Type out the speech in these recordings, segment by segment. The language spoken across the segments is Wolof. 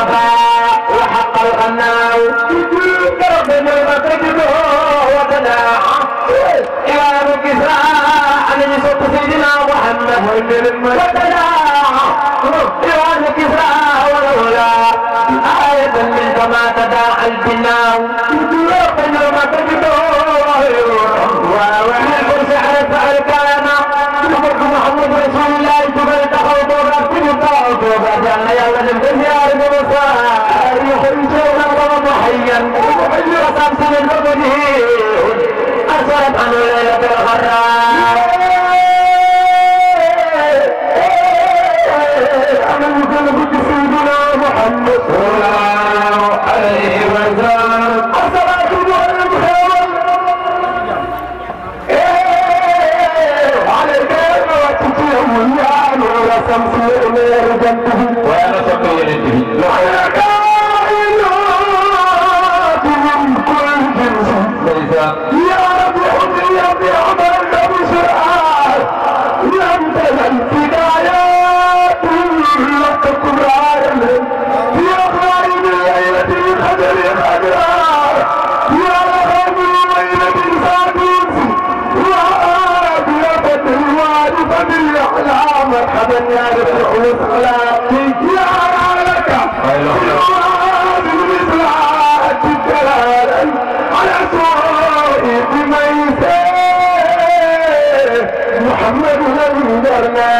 الوفاء وحق الغناء ربنا ما تجده وطنا إمام كسرى على صوت سيدنا محمد وطنا إمام كسرى ولولا آية منك ما تداعى البناء ربنا ما تجده الخمس من حبه أسرت عن ليلة الغراء أنا مكان قد سيدنا محمد صلى الله عليه وسلم الصلاة والسلام عليك وتتيهم يا نور الشمس يا نور جنبه وأنا تقول أبدا يا رفيع الأخلاق يا لك بالمراد بمثلات الجلال على سوء بميسر محمد لم يرنا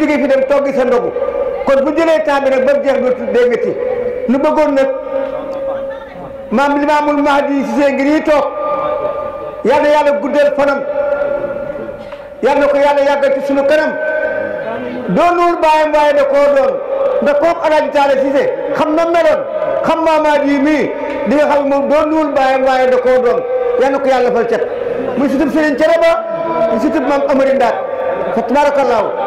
jógee fi dem toggi sa ndogu kon bu jëlee temps bi nag ba jeex dootu day métti nu bëggoon nag maam Limaamul Mahdi si seen ngir yi toog yal na yàlla guddal fanam yal na ko yàlla yàggal ci sunu kanam doonuwul bàyyam waaye da koo doon ndax kooku Alaaji Taala Siise xam na meloon xam maam Mahdi mii di nga xam moom doonuwul bàyyam waaye koo doon yal na ko yàlla fal cet muy sutub Sëriñ Cere Ba muy sutub maam Amari Ndaat fa tabarakallaahu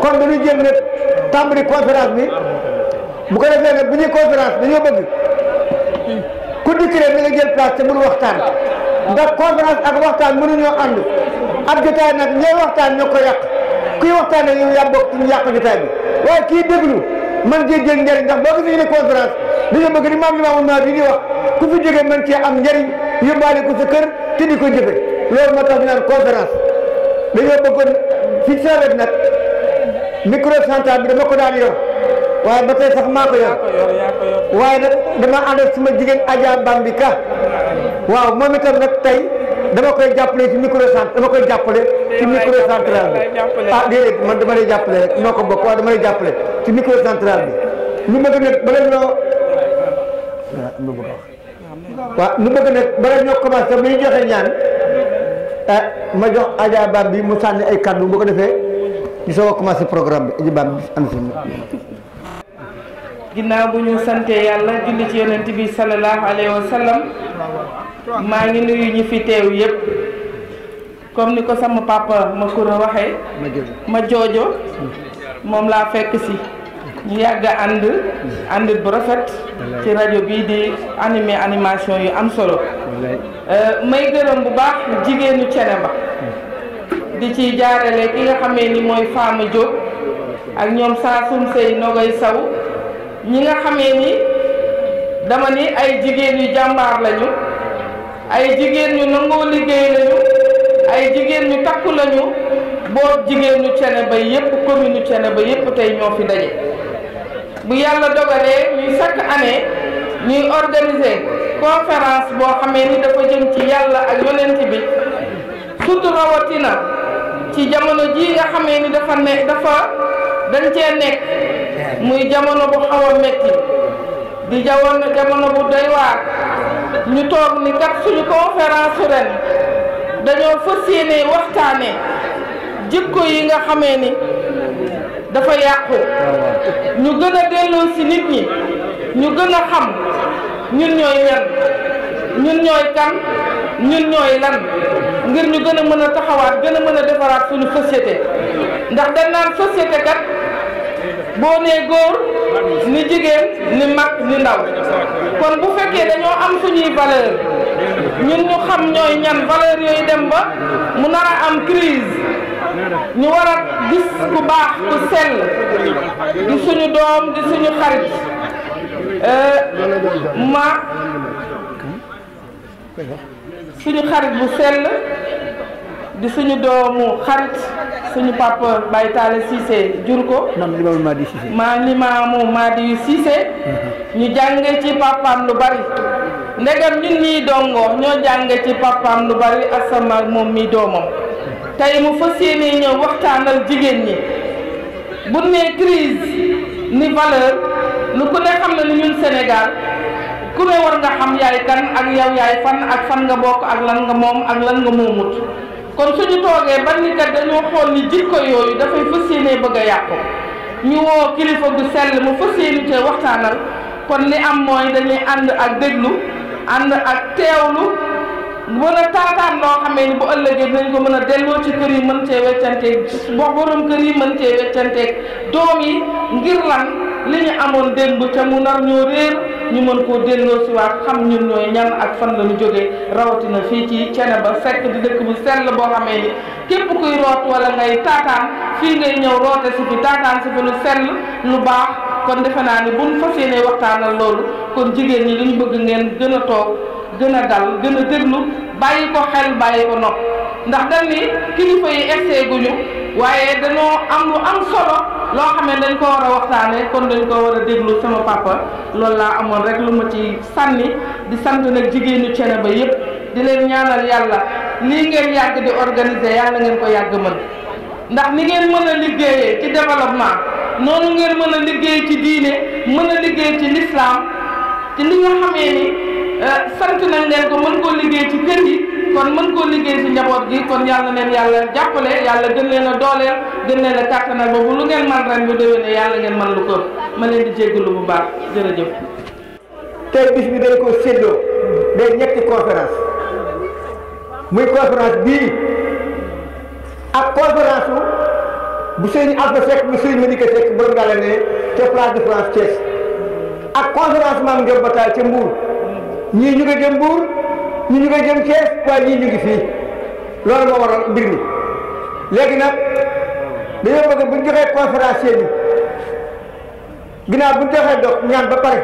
kon dañuy jël nag tàmbali conférence bi bu ko defee nag bu ñuy conférence dañoo bëgg ku dikk rek da nga jël place te mënu waxtaan ndax conférence ak waxtaan mënuñoo ànd ab jotaay nag ñooy waxtaan ñoo ko yàq kuy waxtaan ak yow yaa bokk ñu yàq jotaay bi waaye kii déglu man cee jël njëriñ ndax boo gisee ñu ne conférence dañoo bëgg ni maam li maamu maa bi fi jógee man cee am njëriñ yóbbaale ko sa kër ti di ko jëfe loolu moo tax ñu naan conférence dañoo bëggoon fi sawet nag microcentral bi dama ko daan yor waaye ba tey sax maa ko yor waaye dama ànd ak suma jigéen Adja Bambi Ka waaw moom itam nag tey dama koy jàppale ci microcentral dama koy jàppale ci microcentral bi ah déedéet man dama lay jàppale rek ko bokk waaye dama lay jàppale ci microcentral bi ñu bëgg nag bala ñoo waaw ñu bëgg nag bala ñoo commencé bu ñu joxe ñaan eh, ma jox Adja Bambi mu sànni ay kàddu bu ko defee ñu soog programme bi ajibaam bi am sunu ginnaaw bu ñu sante yàlla julli ci yonent bi sallallahu alayhi wa sallam maa ngi nuyu ñi fi teew yépp comme ni ko sama papa ma kur a waxee ma joojo moom laa fekk si ñu yàgg ànd ànd bu rafet ci rajo bii di animé animation yu am solo euh, may gërëm bu baax jigéenu cene ba di ci jaarale ki nga xamee ni mooy Fama Diop ak ñoom Saasum Sey Nogay Saw ñi nga xamee ni dama ni ay jigéen yu jàmbaar lañu ay jigéen ñu nangoo liggéey lañu ay jigéen ñu takku lañu boot jigéen ñu Thiénaba yépp commune ñu Thiénaba yépp tey ñoo fi daje bu yàlla dogalee ñuy chaque année ñuy organiser conférence boo xamee ni dafa jëm ci yàlla ak yonent bi surtout rawatina ci jamono ji nga xamee ni dafa ne dafa dañ nekk muy jamono bu xaw a metti di jawoon jamono bu doy waar ñu toog ni kat suñu conférence ren dañoo fas yéene waxtaane jikko yi nga xame ni dafa yàqu ñu gën delloo si nit ñi ñu gën a xam ñun ñooy ñan ñun ñooy kan ñun ñooy lan ngir ñu gën a mën a taxawaat gën a mën a defaraat suñu société ndax dañ naan société kat boo nee góor ni jigéen ni mag ni ndaw kon bu fekkee dañoo am suñuy valeur ñun ñu xam ñooy ñan valeur yooyu dem ba mu nar a am crise ñu war gis ku baax ku sell di suñu doom di suñu xarit euh, ma suñu xarit bu sell di suñu doomu xarit suñu papa Baye Talla Cissé jur ko. maam Limaamu Maadi Cissé. maam mhm. ñu jàngee ci papaam lu bari. ndegam ñun ñii dongo ñoo jàngee ci papaam lu bari ak sama moom mi doomam. tey mu fas yéene ñëw waxtaanal jigéen ñi. bu ne crise ni valeur lu ku ne xam na ni ñun Sénégal. ku war nga xam yaay kan ak yow yaay fan ak fan nga bokk ak lan nga moom ak lan nga moomut kon suñu toogee ban ni kat dañoo xool ni jikko yooyu dafay fas yéenee bëgg a yàqu ñu woo kilifa gu sell mu fas yéene te waxtaanal kon li am mooy dañuy ànd ak déglu ànd ak teewlu mën a taataan loo xamee ni bu ëllëgee nañ ko mën a delloo ci kër yi mën cee weccanteeg boo borom kër yi mën cee weccanteeg doom yi ngir lan li ñu amoon démb ca mu nar ñoo réer ñu mën koo delloo si waat xam ñun ñooy ñan ak fan la ñu jógee rawatina fii ci Thiénaba fekk di dëkk bu sell boo xamee ni képp kuy root wala ngay taataan fii ngay ñëw roote si fi taataan si fi lu sell lu baax kon defe naa ni buñ fas yéenee waxtaanal loolu kon jigéen ñi li ñu bëgg ngeen gën a toog gën a dal gën a déglu bàyyi ko xel bàyyi ko nopp ndax dañ ni kilifa yi egseeguñu waaye dañoo am lu am solo loo xam ne dañ ko war a waxtaane kon dañ ko war a déglu sama papa loolu laa amoon rek lu ma ci sànni di sant nag jigéenu Thiénaba yëpp di leen ñaanal yàlla lii ngeen yàgg di organiser yàlla ngeen ko yàgg mën ndax ni ngeen mën a liggéeyee ci développement noonu ngeen mën a liggéey ci diine mën a liggéey ci l'islam ci li nga xamee ni Euh, sant nañ leen ko mën koo liggéey ci kër yi kon mën koo liggéey ci njaboot gi kon yàlla leen yàlla jàppale yàlla gën leen a dooleel gën leen a kàttanal boobu lu ngeen man ren bu déwénee yàlla ngeen man lu ko ma leen di jéggalu bu baax jërëjëf. tey bis bi dañ ko séddoo day ñetti conférence muy conférence bii ak conférence bu sëñ na Seck bu sëñ Madika Seck borom Galane ca place de France Thiès ak conférence maam Ndiol Bataal ca Mbour. ñii ñu ngi jëm Mbuur ñii ñu ngi jëm Thiès waaye ñii ñu ngi fii loolu moo waral mbir mi léegi nag dañoo bëgg bu ñu joxee conférencier bi ginnaaw bu ñu joxee dog ñaan ba pare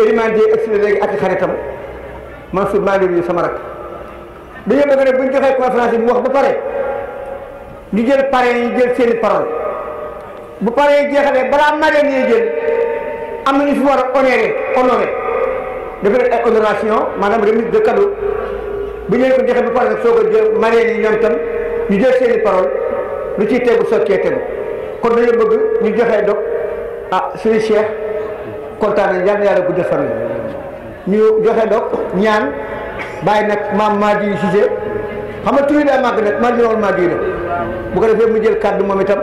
éliman ji egsi ak i xaritam Mansour maa ngi nuyu sama rak dañoo bëgg nag bu ñu joxee conférencier bi wax ba pare ñu jël parrain yi jël seeni parole bu parrain yi jeexalee balaa marraine yi jël am na ñu fi war a honoré honoré dafa leen ay honoration maanaam remise de bu ñu leen ko joxe ba pare nag soo ko jël marraines yi ñoom tam ñu jël seen i parole lu ciy tegu sottee tegu kon dañu bëgg ñu joxe dog ah suñu cheikh kontaan nañ yal na yàlla gudd fan ñu joxe dog ñaan bàyyi nag maam Madi yu Cissé xam nga tur yi daa màgg nag maa ngi leen maa defee mu jël kàddu moom itam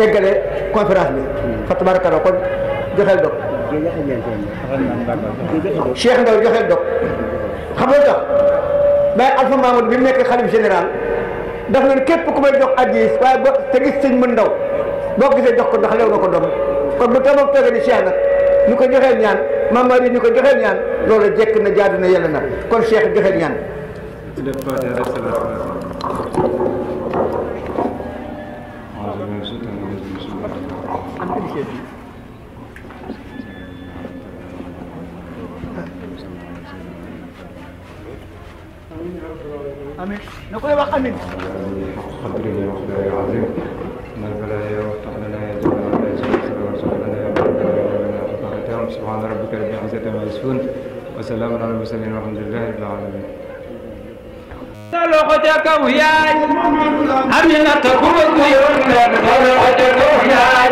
eggale conférence bi fa tabarakalla kon joxeel dog Cheikh Ndaw joxe dog xam nga tax Baye Alpha Mamadou bi mu nekk xalif général daf leen képp ku may jox addiis waaye boo te gis sëñ mën ndaw boo gisee jox ko ndax lew na ko doom kon bu tamoom toogee ni Cheikh nag ñu ko joxee ñaan mamari ñu ko joxee ñaan loolu jekk na jaadu na yàlla na kon Cheikh joxe ñaan Thank you. amin na koy wax amin alhamdulillahi rabbil alamin man fala ya ta'ala ya ta'ala ya ta'ala ya ta'ala subhana rabbika rabbil izzati amma yasifun wa salamun ala mursalin walhamdulillahi rabbil alamin loxo ca kaw yaay amina ta kuma ku yoon la loxo ca kaw yaay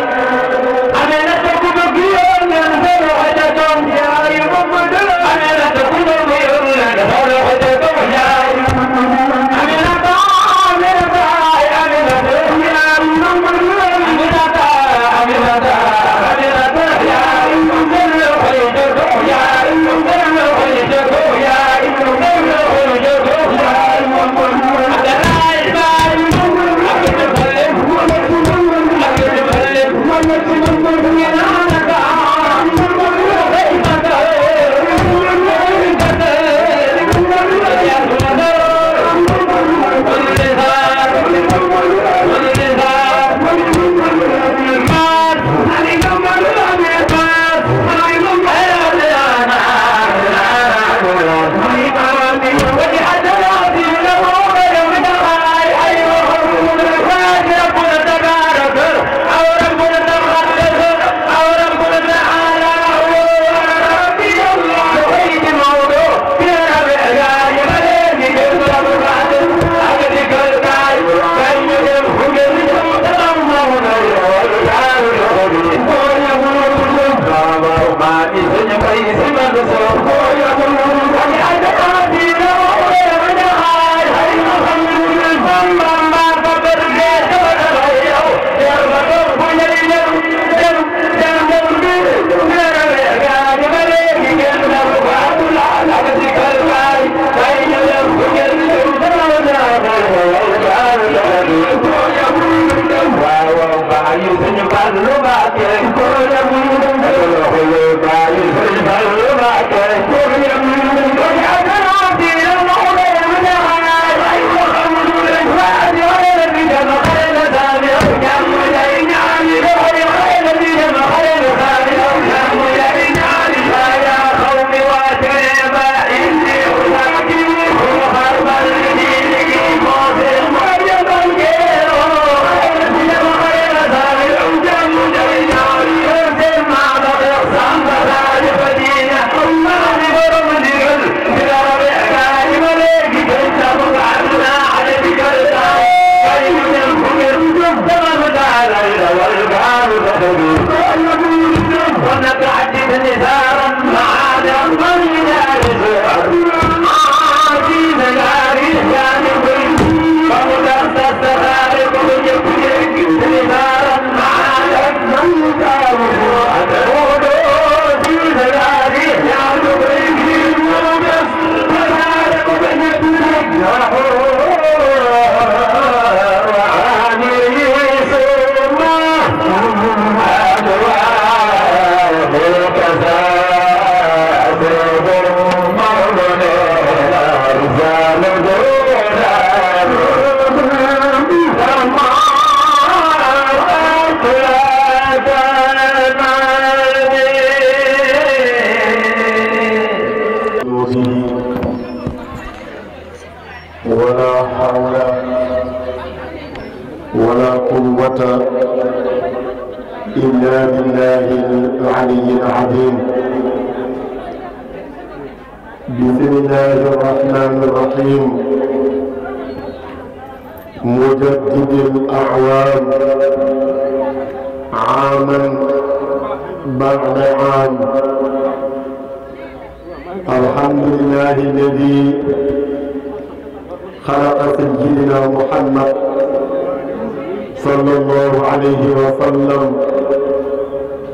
عليه وسلم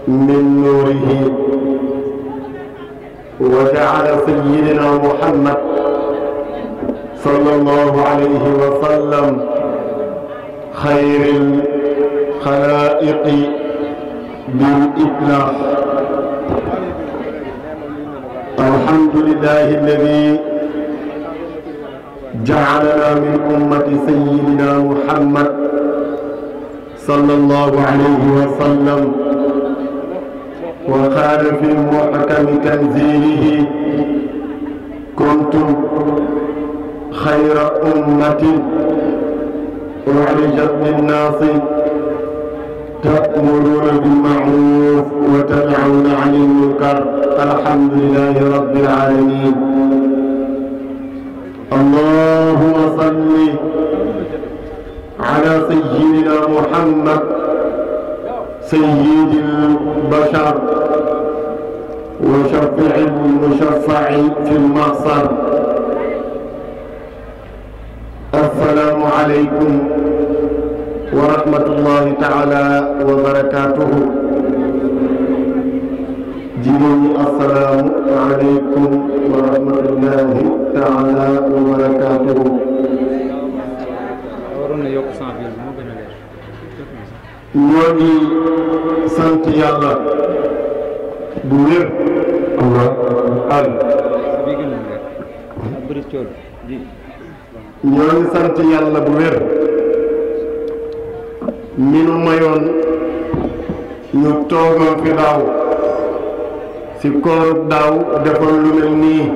من نوره وجعل سيدنا محمد صلى الله عليه وسلم خير الخلائق بالإطلاق الحمد لله الذي جعلنا من أمة سيدنا محمد sallallahu alayhi wa sallam wa qaala fi muhkami tanziilihi kuntum xayra ummatin uxrijat linnaasi ta'muruuna bilma'ruuf wa tanhawna anil munkar alhamdulillaahi rabbil aalamiin allahumma salli على سيدنا محمد سيد البشر وشفع المشفع في المحصر السلام عليكم ورحمة الله تعالى وبركاته جيني السلام عليكم ورحمة الله تعالى وبركاته ñoo ngi sant yàlla bu wér. waaw bu wér mi nu mayoon ñu toogoon fi ci koor daaw defoon lu mel nii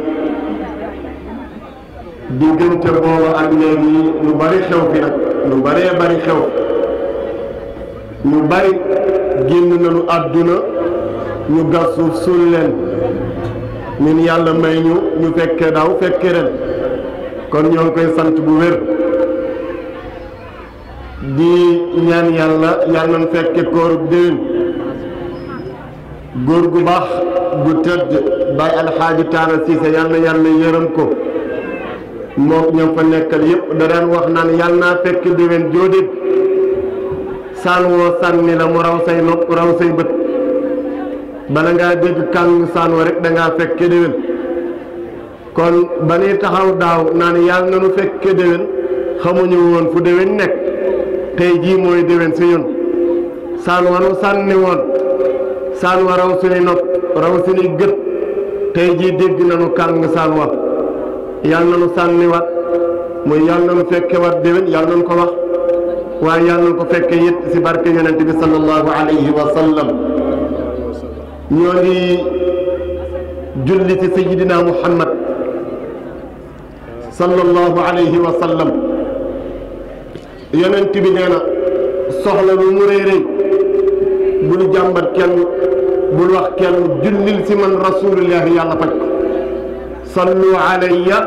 diggante booba ak léegi lu bari xew fi nag lu bëree bëri xew ñu bëri génn nañu àdduna ñu gas suuf suul leen ñun yàlla may ñu ñu fekke daw fekke ren kon ñoo ngi koy sant bu wér di ñaan yàlla yàlla nañ fekke koor déwén góor gu baax gu tëdd Baye Alxaaji Taala Siise yàlla yàlla yërëm ko moom ñoo fa nekkal yëpp da wax naan yàlla naa fekk déwén jóodit saan woo sànni la mu raw say nopp raw say bët bala ngaa dégg kàng saan woo rek danga ngaa fekke déwén kon ba nuy taxaw daaw naan yàlla na nu fekke déwén xamuñu woon fu déwén nekk tey jii mooy déwén si ñun saan wanu sànni woon saan wa raw suñuy nopp raw suñuy gët tey jii dégg nañu kàng saan wa yàlla na nu sànniwaat muy yàlla na nu fekkewaat déwén yàlla na ko wax waaye yàlla na ko fekke it si barke yonent bi sallallahu alayhi wa sallam ñoo ngi julli ci sayidina muhammad sallallahu alayhi wa sallam yonent bi nee na soxla lu mu bul jàmbat kenn bul wax kenn jullil si man rasulillahi yàlla faj sallu alayya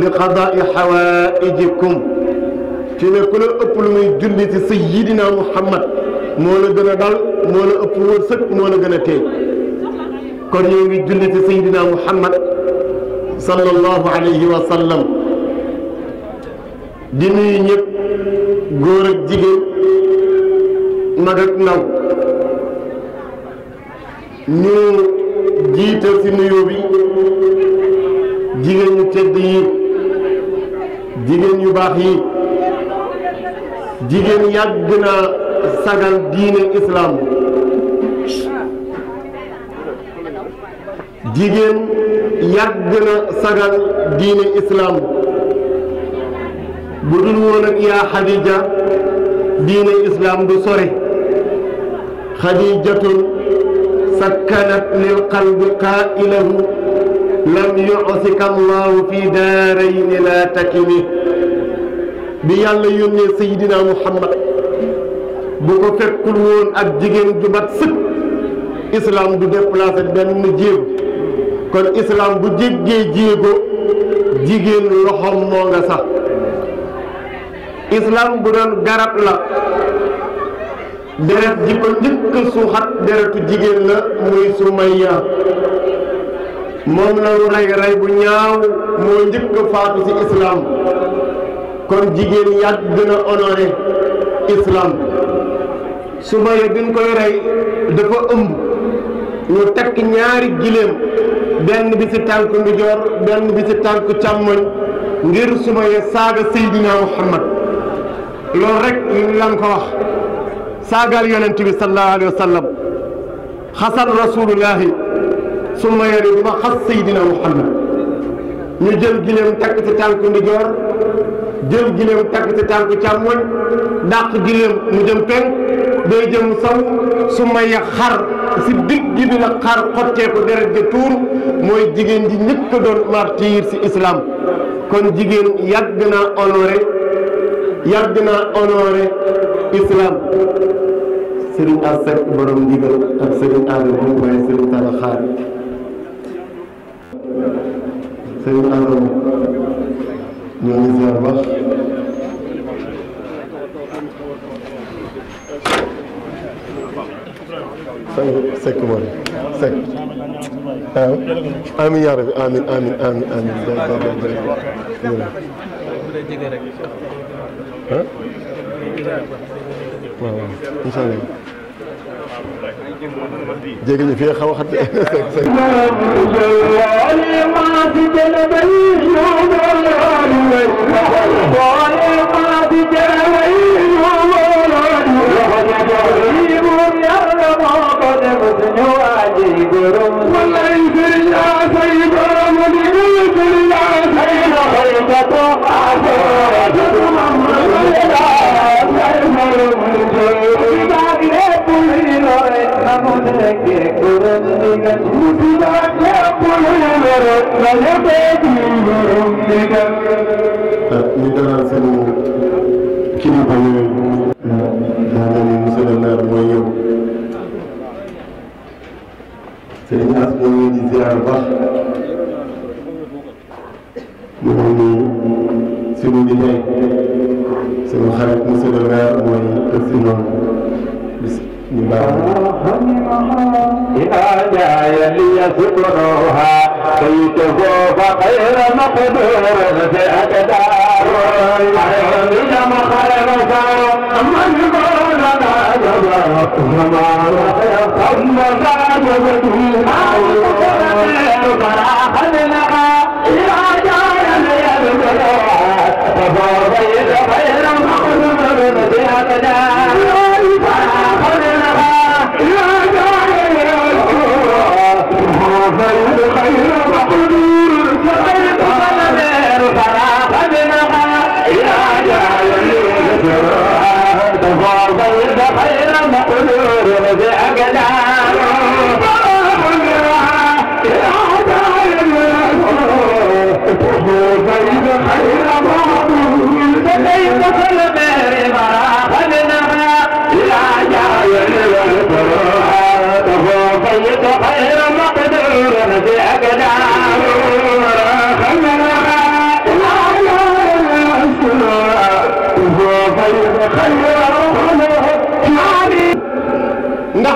li qadaai xawaijikum ci ne ku la ëpp lu muy julli ci sayidina muhammad moo la gën a dal moo la ëpp wërsëg moo la gën a teey kon ñoo ngi julli ci sayidina muhammad sallallahu alayhi wa sallam di nuyu ñëpp góor ak jigéen mag ak ñu jiital ci nuyoo bi jigéen ñu tedd yi jigéen yu baax yi jigéen yàgg naa sagal diine islaam jigéen yàgg na sagal diine islaam bu dul woon ak yaa xadija diine islaam du sore xadijatun sakkanat lil qalbi qaa'ilahu lam yu'sika allahu fi daarayni laa takini bi yàlla yónnee Seydina Muhammad bu ko fekkul woon ak jigéen ju mat sëkk islam du déplacé benn jéego kon islam bu jéggee jéego jigéen loxoom moo nga sax islam bu doon garab la deret ji ko njëkk suuxat deretu jigéen la muy Sumayya moom lañu rey rey bu ñaaw moo njëkk faatu ci kon jigéen yàgg gën a honoré islam Sumayya biñ koy rey dafa ëmb ñu takk ñaari giléem benn bi ci tànk ndijoor benn bi ci tànk càmmoñ ngir Sumayya saaga Seydina Muhammad loolu rek lan ko wax saagal yonent bi sallallahu alayhi wa sallam xasan su ma yore fa xas Seydina Muhammad ñu jël gileem takk ci tànk ndijoor jël gileem takk ci tànk càmmoñ dàq gileem mu jëm penk day jëm saw su may xar si digg bi xar xottee ko deret ja tuur mooy jigéen ji ñëkk a doon martyr si islam kon jigéen yàgg naa honoré yàgg naa honoré islam Serigne Assane borom ndigal ak Serigne Aliou moom mooy Serigne Talla Xaar sëñ Adam ñoo ngi ziar baax sëñ Seck moom Seck waaw amiin yaa rabbi amiin amiin amiin amiin waaw waaw incha allah jéggi ñu fi xaw a xat يا سيد ñu dalal seen kilifa yooyu daa mel ni monsieur le maire mooy yow sëriñ As moo ngi di ziar baax mu ngi nii suñu liggéey suñu xarit monsieur le maire mooy ëpp si noonu هدايا ليذكروها بيته فغير مقدور في أقدار عليهم مخالفة من قال ما جبر وما ثم زادته فأخذناها هدايا ليذكروها فهو غير مقدور في أقدار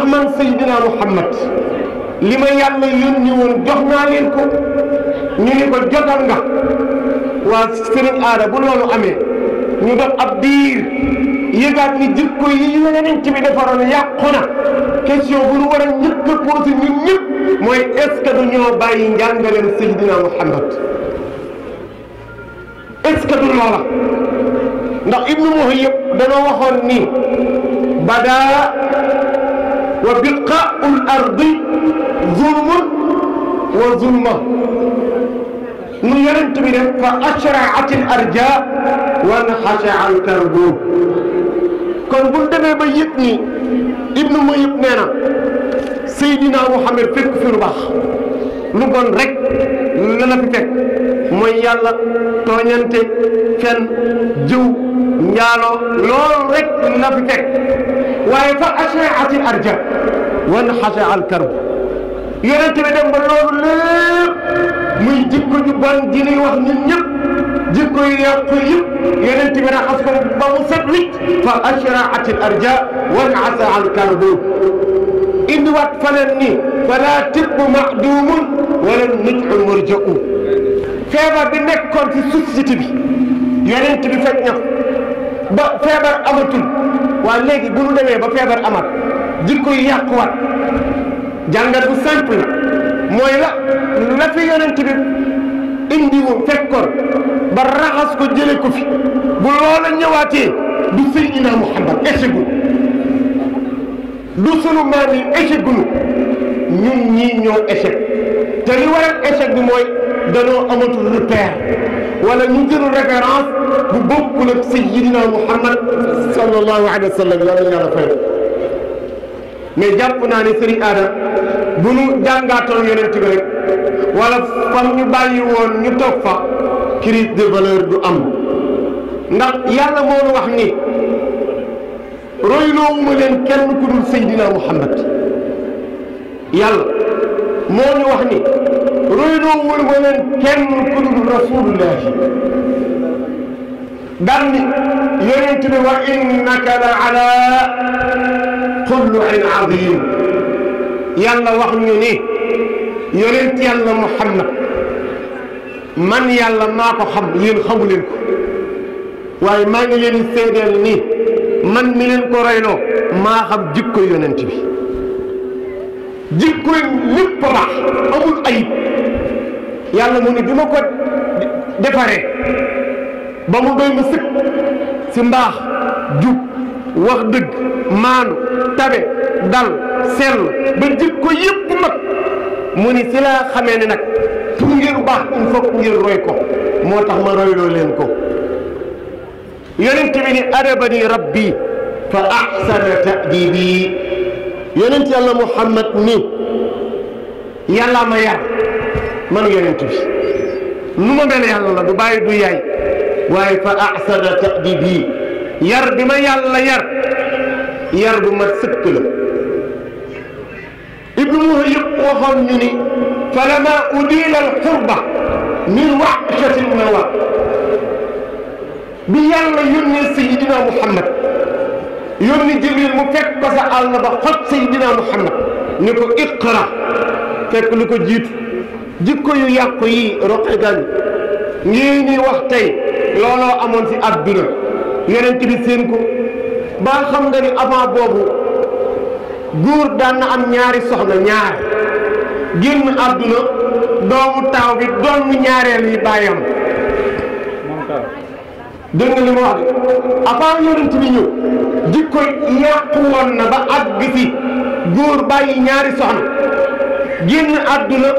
ndax man Seydina Muhammad li ma yàlla yónni woon jox naa leen ko ñu ni ko jotal nga waa sëriñ aada bu loolu amee ñu def ab diir yëgaat ni jikko yi yeneen ci bi defaroon yàqu na question bu ñu war a njëkk a posé ñun ñëpp mooy est-ce que du ñoo bàyyi njàngaleem Seydina Muhammad est-ce que du loola ndax Ibnu Muhayyab danoo waxoon ni badaa wa biqaa'ul ardi zulmun wa zulma mu yonent bi def fa ashra'at al arja wa nxasha al karbu kon bu demee ba yëg ni ibnu ma yëg nee na Seydina Muhammad fi lu baax lu rek la fi fekk mooy yàlla tooñante fen jiw njaaloo loolu rek la fi fekk waaye fa ashra'at al arja wan xase alkarbu yonent bi dem ba loolu lépp muy jikko ju bon ji ñuy wax ñun ñëpp jikko yu yàqu yëpp yonent bi raxas ko ba mu set wicc fa ashraat al arja wan xase alkarbu indiwaat faneen ni falaa tibbu maxduumun wala nuju murja'u feebar bi nekkoon ci société bi yonent bi fekk na ba feebar amatul waa léegi bu ñu demee ba feebar amat jikko yi yàquwaat jàngat bu simple la mooy la la fi yonent bi indiwu fekkoon ba raxas ko jële ko fi bu loola ñëwaatee du Seydina Muhammad échegul du sunu maam ñu échegunu ñun ñii ñoo échec te li waral échec bi mooy danoo amatul repère wala ñu jëlu référence bu bokkul ak Seydina Muhammad sallallahu alayhi wa sallam yàlla yàlla fay mais jàpp naa ne sëriñ aada bu ñu jàngaatoon yonent bi wala fam ñu woon ñu toog fa de valeur du am ndax yàlla moo nu wax ni royloowuma leen kenn ku dul Seydina Muhammad yàlla leen kenn ku dul rasulullahi daan ni wa innaka la ala tatalluin azim yàlla wax ñu ni yonent yàlla Muhammad man yàlla maa ko xam yéen xamu leen ko waaye maa ngi leen di seedeel ni man mi leen ko reyloo maa jikko yonent bi jikko lépp baax amul mu ni bi ma ko defaree ba mu doy mu sëkk si jub wax dëgg maanu tabe dal sell ba jikko yëpp mu ni si laa xamee ne nag baax il faut ngeen moo tax ma royloo leen ko yonent bi ni adabani rabbi fa ahsana ta'dibi yonent yàlla muhammad ni yàlla ma yar man yonent bi nu ma mel yàlla la du bàyyi du yaay waaye fa ahsana ta'dibi yar bi ma yàlla yar yar bu ma sëkk la ibnu muhayyib waxoon ñu ni falama udila alqurba min waqtatin min waq bi yàlla yónnee sayidina muhammad yónni jibril mu fekk ko ba xot sayidina muhammad ni ko iqra fekk lu ko jiitu jikko yu yàqu yi roqe gan ngii ñuy wax tey amoon si adduna yeneen bi seen ko ba xam nga ni avant boobu góor daan am ñaari soxla ñaar génn àdduna doomu taaw bi doon ñaareel yi bàyyam dégg nga li ma wax avant yonent bi ñëw jikko yàqu woon na ba àgg si góor bàyyi ñaari soxna génn àdduna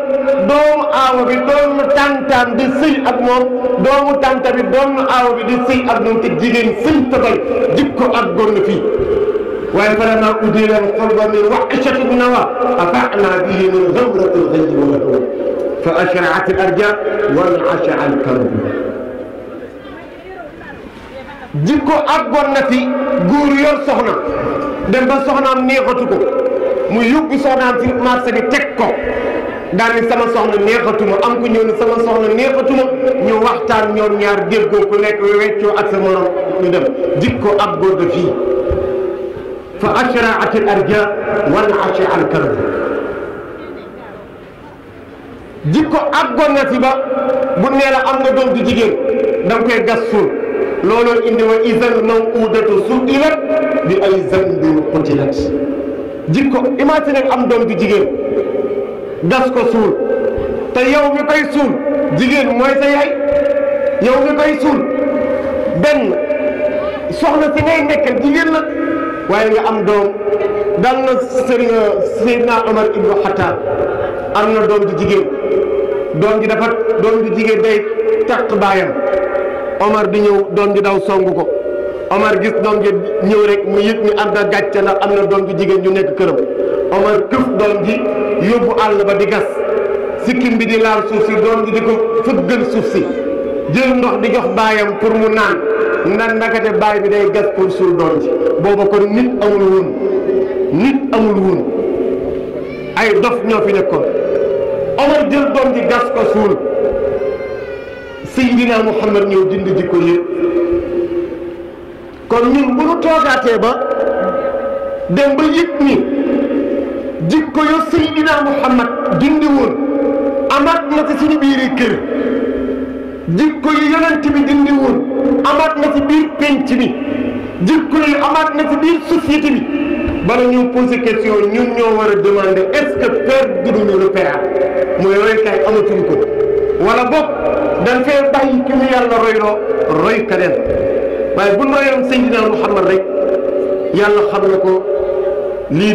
doomu aawa bi doon tàntaan di sëy ak doomu tànta bi doon aawa bi di sëy ak moom te jigéen sëy ta doy jikko ak góor na fii waaye falammaa udiya lahum qurban min nawa ata'naa bihi min ghamrati al-ghaybi wa al fa ashra'at al-arja' wa in'asha al-kalb jikko na fi góor yor soxna dem ba soxnaam neexatu mu yóbbu soxnaam ci marché bi teg ko daal ni sama soxna neexatuma am ko ñëw ne sama soxna neexatuma ñu waxtaan ñoom ñaar déggoo ku nekk weccoo ak sa morom ñu dem jikko ab góor de fii fa ashraat na si ba bu nee la am nga doom ju jigéen da koy gas suul indi wa izal mawudatu suilat bi ay zambin qutilat jikko imagine am doom di jigéen gas ko suul te yow mi koy suul jigéen mooy sa yaay yow mi koy suul benn soxna si ngay nekk jigéen la waaye nga am doom dal na sëriñ Seydina Omar ibnu Xattaab am na doom ju jigéen doom ji dafa doom ju jigéen day taq baayam Omar di ñëw doom ji daw songu ko Omar gis doom ji ñëw rek mu yëg ni ànd gàcce ndax am na doom ju jigéen ju nekk këram Omar këf doom ji yóbbu àll ba di gas sikkim bi di laal suuf si doom ji di ko fëggal suuf si jël ndox di jox baayam pour mu naan nan naka baay bi day gas pour suul doom ji booba kon nit ñoo fi nekkoon Omar jël doom ji gas ko suul Seydina Muhammad ñëw kon ñun bu nu toogaatee ba dem ba yëg ni jikko yo Seydina Muhammad dindi woon amaat na ci suñu biiri kër jikko yi yonent bi dindi woon amaat na ci biir penc bi jikko yi amaat na ci biir société bi bala ñu posé question ñun ñoo war a demander est-ce que perdre duñu repère mooy roykaay amatuñ ko wala boog dañ fee bàyyi ki mu yàlla royloo roy ka waaye bu ñu rayoon Seydina Muhammad rek yàlla xam na ko lii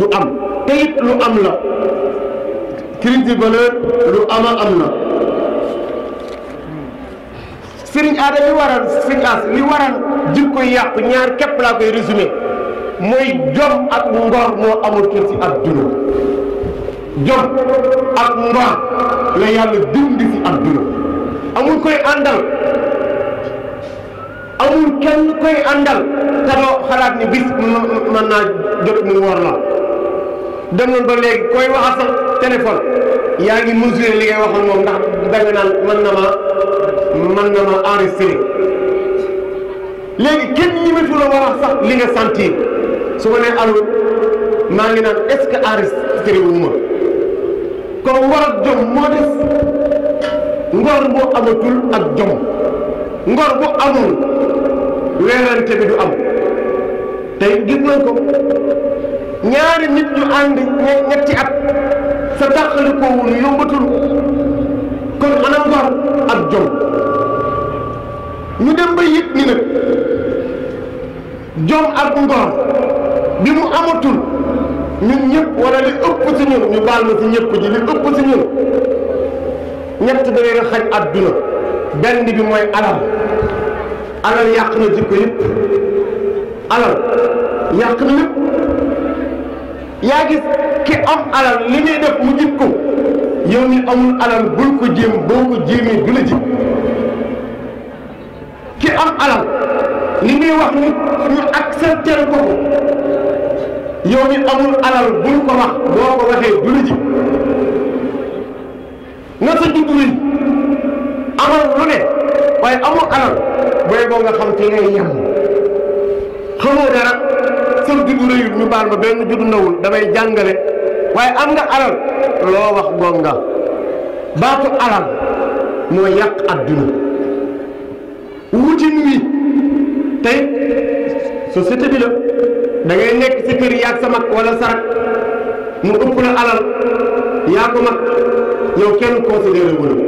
du am te lu am la crise lu ama am na sëriñ aada li waral fiqaas li waral jikko yàqu ñaar képp laa koy résumé mooy jom ak ngor moo amul ci si jom ak ngor la yàlla dindi si adduna amul koy àndal amul kenn koy àndal te xalaat ni bis mën naa jot muy war la dem ba léegi koy waxa sa téléphone yaa ngi mesuré li ngay waxoon moom ndax danga naan mën na ma mën léegi kenn ñimetu la wax sax li nga sentir su ma nee maa ngi naan est-ce que enregistré wu ma kon war ak jom moo des ngor boo amatul ak jom ngor bu amul weerante bi du am tey gis nañ ko ñaari nit ñu ànd ñetti at sa dàqali koowul yombatul kon ana ngor ak jom ñu dem ba yëg ni nag jom ak ngor bi mu amatul ñun ñëpp wala li ëpp ci ñun ñu baal ma ci ñëpp ji li ëpp ci ñun ñett da leen xaj adduna benn bi mooy alal alal yàq na jikko yëpp alal yàq na yëpp yaa gis ki am alal li muy def mu jib ko yow mi amul alal bul ko jéem boo ko jéemee du la jib ki am alal li muy wax ni ñu accepté ko ko yow amul alal bul ko wax boo ko waxee du na sa juddu amal lu ne waaye amul alal booy boo nga xam fi ngay yem xamoo dara sër gi bu rëyul ma benn jug nawul damay jàngale waaye am nga alal loo wax gonga baatu alal moo yàq adduna wutin wi tey société bi la da nekk si kër yaag sama mag wala sarak mu ëpp la alal yaa ko mag yow kenn considéré wu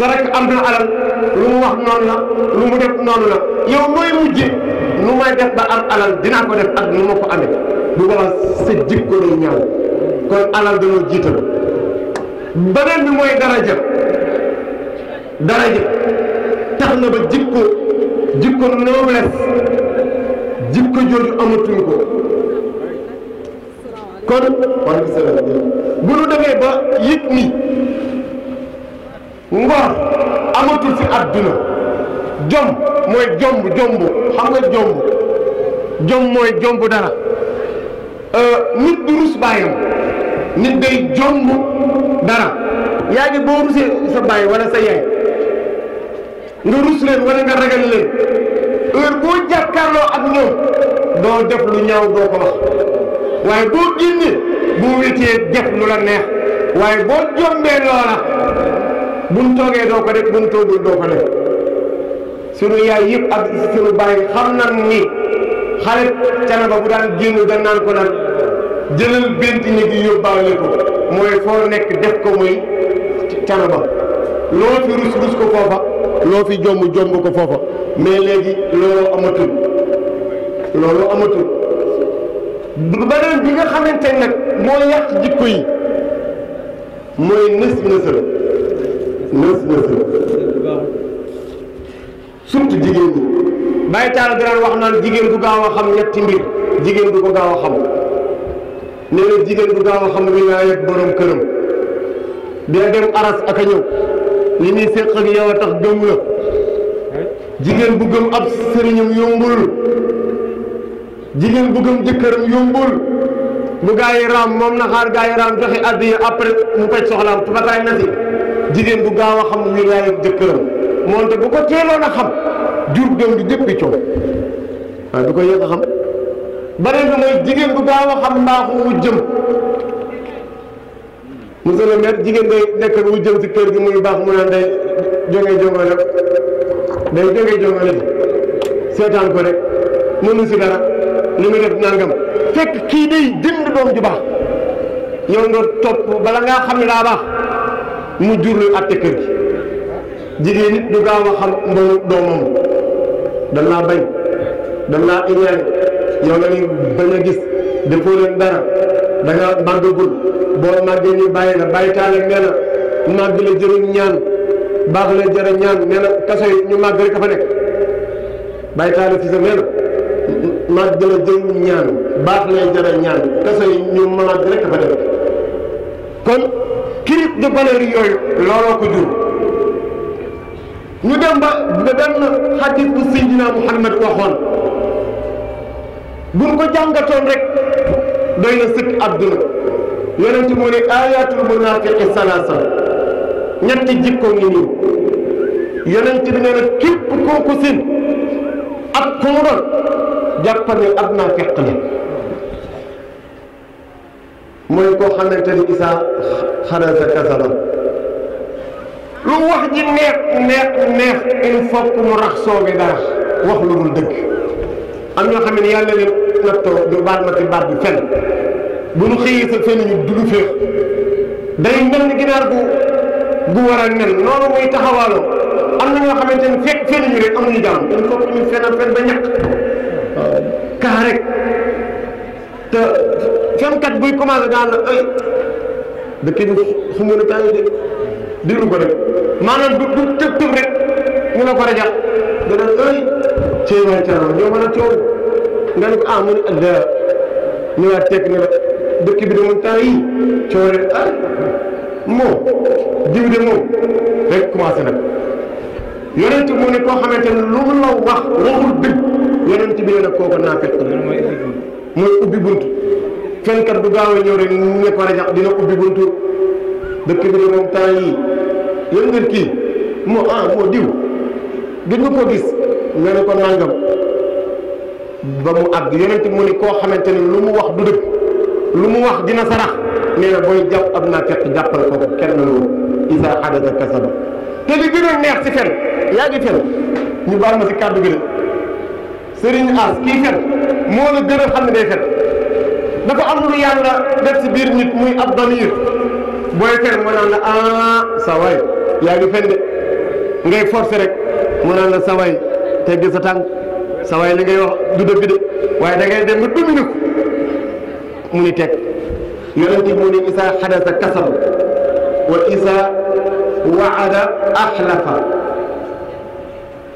sa rek am na alal lu mu wax noonu la lu mu def noonu la yow mooy mujje nu may def ba am alal dinaa ko def ak nu ma ko amee bu boobaa sa jikko day ñaaw kon alal dañoo jiital beneen bi mooy daraja daraja tax na ba jikko jikko noblesse jikko jooju amatuñ ko kon bu nu demee ba yëg ni ngor amatul ci àdduna jom mooy jomb jomb xam nga jomb jom mooy jomb dara euh, nit du rus bàyyam nit day jomb dara yaa ngi boo rusee sa bàyyi wala sa yaay nga rus leen wala nga ragal leen heure boo jàkkaarloo ak ñoom doo def lu ñaaw doo ko wax waaye boo génnee boo wéetee def lu la neex waaye boo jombee loola buñ toogee doo ko def buñ toogul doo ko def sunu yaay yëpp ak sunu bàyyi xam nan ni xale canaba bu daan génn da naan ko naan jëlal bent ni di yóbbaale ko mooy foo nekk def ko muy canaba loo fi rus rus ko foofa loo fi jomb jomb ko foofa mais léegi loolu amatul loolu amatul beneen bi nga xamante nag moo yàq jikko yi mooy nës nësal nës nës la jigéen ñi bàyyi taal dara wax naan jigéen du gaaw a xam ñetti mbir jigéen du ko gaaw a xam nee na jigéen du gaaw a xam wilaaya ak borom këram dee dem aras ak a ñëw li muy séq ak yow a tax gëm jigéen bu gëm ab sëriñam yombul jigéen bu gëm jëkkëram yombul bu gaa yi raam moom na xaar gaa yi raam joxe addiya après mu faj soxlaam ba na si jigéen bu gaaw a xam wilaayam jëkkëram moonte bu ko teeloon a xam jur doom bi jëppi coow waaye du ko yéex a xam beneen bi mooy jigéen bu gaaw a xam mbaaxu wu jëm monsieur le maire jigéen day nekk wu jëm si kër gi muy baax mu naan day jógee jongale day jógee seetaan ko rek mënu si dara li muy def nangam fekk kii day jënd doom ju baax ñëw nga topp bala ngaa xam ne daa baax mu jur luy àtte kër gi jigéen nit du gaaw a xam mbaru doomam dan naa bañ dan naa iñaane yow la ñuy gis defoo leen dara danga nga màggagul boo màggee ñu bàyyi la bàyyi taale nee màgg la jëriñ ñaan baax la jëriñ ñaan nee na ñu màgg rek fa nekk bàyyi taale fi sa nee la jëriñ ñaan baax la jëriñ ñaan kaso yi ñu màgg rek a fa nekk kon chute de yooyu looloo ko jur ñu dem ba benn xadis bu Seydina Muhammad waxoon buñ ko jàngatoon rek doy na sëkk àdduna yonent mu ne ayatul munafiqi salaasa ñetti jikko ngi nii yonent bi nee na képp kooku sin ak ku mu doon jàpp ne mooy koo xamante ni isaa sa kasara lu wax ji neex neex neex il faut que mu rax soobe dara wax lu dul dëgg am ñoo xam ne yàlla leen nattoo du baat ma ci baat bi fen bu ñu xëyee sa fen ñu du féex day mel ni ginaar gu gu war a mel noonu muy taxawaaloo am na ñoo xamante ni fekk fen ñu rek amuñu jàmm il faut que ñu fen a fen ba ñàkk kaa fenkat buy commencé daan la ay dëkk bi su mën a tàyyi de déglu ko rek maanaam bu bu tëb tëb rek ñu ne ko rajax da ay cee waay caa ñoo mën a coow nga ne ko ah mu ne adda ñëwaat tekk ne la dëkk bi de moom temps yii coow rek ah moom jiw de moom rek commencé nag yonent mu ne koo xamante ne lu mu la wax waxul dëgg yonent bi ne kooku naa fekk mooy ubbi bunt fenkat bu gaaw a ñëw rek ne ko rajax dina ubbi buntu dëkk bi moom temps yii yëpp ngeen kii moo ah moo diw gën nga ko gis nga ne ko nangam ba mu àgg yonent mu ni koo xamante ni lu mu wax du dëgg lu mu wax dina sarax nee na booy jàpp ab naa fekk jàppal ko kenn loolu isa xadada kasaba te li gën a neex ci fen yaa ngi fen ñu baal ma ci kàddu gi de Serigne As kii fen moo la gën a xam ne day fen dafa am lu yàlla def ci biir nit muy ab damir booy fen mu naan la ah sa waay yaa ngi rek mu naan la sa waay teggi sa li ngay du dëgg de waaye da ngay dem nga dominer ko mu ni teg yonent isa xadasa kasaba wa isa waada axlafa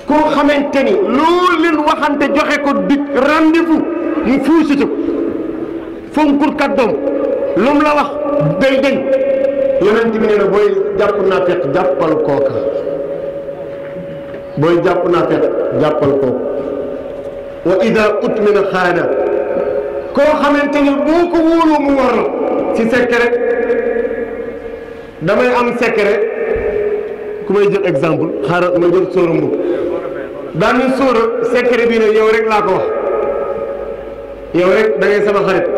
koo xamante ni loolu leen waxante joxe ko dig rendez-vous mu fonkul kàddoom lu mu la wax day dëñ yonent bi nee na booy jàpp naa fekk jàppal kooka booy jàpp naa fekk jàppal kooka wa ida utmina xaana koo xamante ni boo ko wóolu mu war la ci secret damay am secret ku may jël exemple xaaral ma jël sóora mbub daanu sóora secret bi ne yow rek laa ko wax yow rek da sama xarit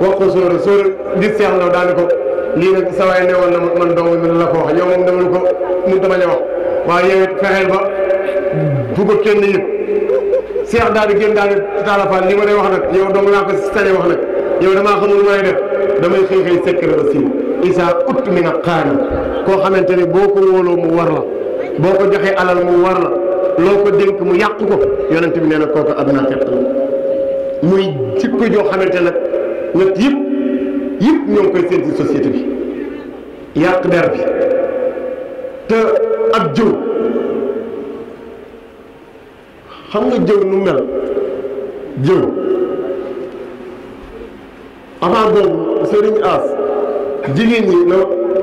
wax ko suñu rek soo di seex ndaw daal ko lii nag sa waay ne woon na man dong la ko wax yow moom dama ko mënut a bañ wax waaye yow ba bu ko kenn yëpp seex daal di génn daal di taala li ma lay wax nag yow dong laa ko sañ wax nag siin isa ut mi nga xaari koo xamante ne boo ko wóoloo mu war la boo ko joxee alal mu war la loo ko dénk mu yàq ko yonent bi nee na kooku ab naa fekk la muy jikko joo xamante nag ñett yëpp yëpp ñoo ngi koy seen société bi yàq der bi te ak jëw xam nga jëw nu mel jëw avant boobu Serigne As jigéen ñi na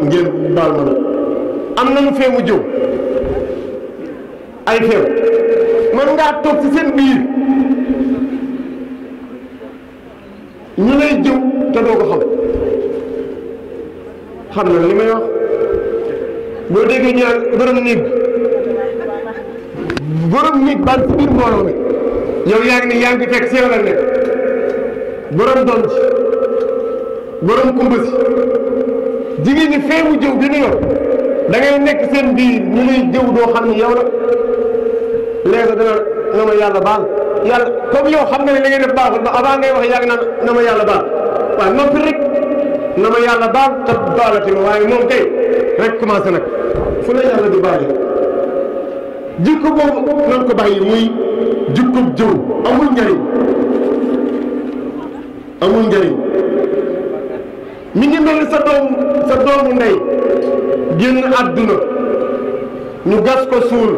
ngeen baal ma nag am nañu feemu jëw ay feew man ngaa toog ci seen biir ñu lay jëw te doo ko xam xam na li may wax boo déggee ñu naan borom néeg borom néeg baal ci biir mbooloo mi yow yaa ngi ne yaa ngi fekk si yow la nekk borom doom ji borom kumba si jigéen ñi fee mu jëw bi ñu yor nekk seen biir ñu lay jëw doo xam ne yow la léegi dana dana ma yàlla baal. yàlla comme yow xam nga ne li ngay def baaxul ba ngay wax yàgg na ma yàlla baal waaw noppi rek na ma yàlla baal te baalati waaye moom kay rek commencé nag fu la yàlla di baale jikko boobu nan ko bàyyi muy jikko jëw amul njëriñ amul njëriñ mi ngi mel sa doom sa doomu ndey génn àdduna ñu gas ko suul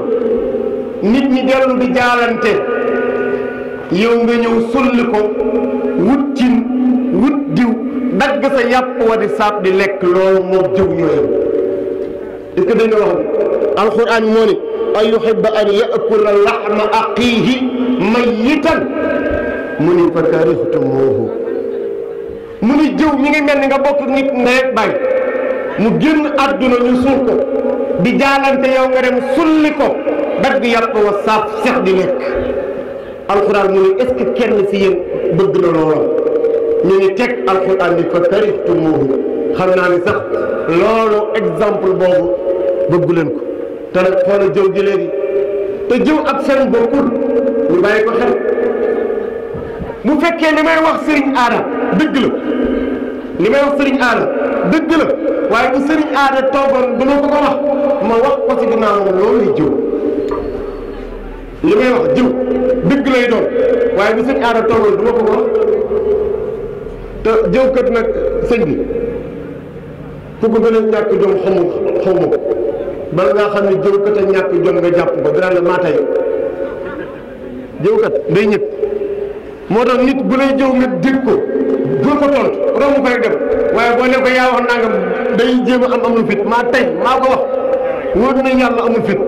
nit ñi dellu di jaalante yow nga ñëw sulli ko wut cin wut diw dagg sa yàpp wa di saab di lekk loolu moo jëw ñooy di ko dégg wax bi alquran moo ni an yuhibba an yakula laxma aqiihi mayitan mu ni fa karihtumuuhu mu ni jëw mi ngi mel ni nga bokk nit ndey baay mu génn àdduna ñu suul ko di jaalante yow nga dem sulli ko dagg yàpp wa saab seex di lekk alxuraan mu ne est kenn si yéen bëgg na loola ñu ni teg alxuraan ni fa karihtumuuhu xam naa ni sax loolu exemple boobu bëggu leen ko te nag xoola jëw ji léegi te jëw ak fen bokkul ñu bàyyi ko xel bu fekkee ni may wax sëriñ dëgg la may wax sëriñ aada waaye bu sëriñ aada toogoon du ma ko ma wax ko si loolu lay li may wax jiw dëgg lay doon waaye bu sëñ aada toogoon du ko wax te jëw nag sëñ bi ku ko gën a ñàkk jom xaw ma ko bala ngaa xam ne jëw kat a ñàkk jom nga jàpp ko dara la maa bu lay tontu romb koy dem waaye boo ne ko yaa wax nangam day jéem a am amul fit maa tey maa ko wax wóor na yàlla amul fit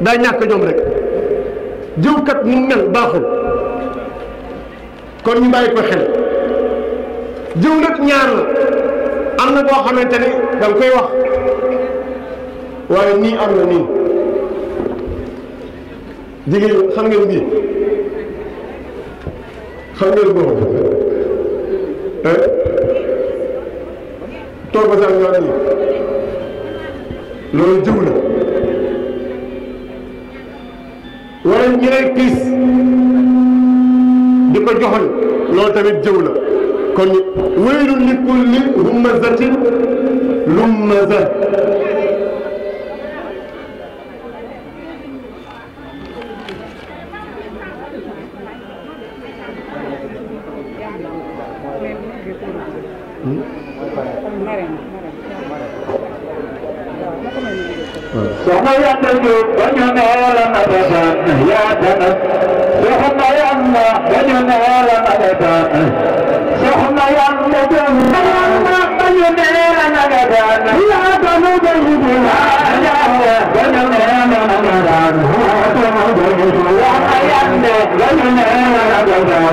daa ñàkk jom rek jëwkat mu mel baaxul kon ñu bàyyi ko xel jëw nag ñaar la am na boo xamante ni da koy wax waaye nii am na nii jigéen xam ngeen bii xam ngeen boobu eh? toog ba sax ñoo nii loolu jëw la wala ñu lay piis di ko joxoñ loolu tamit jëw la kon waylun li kulli humazatin lumazah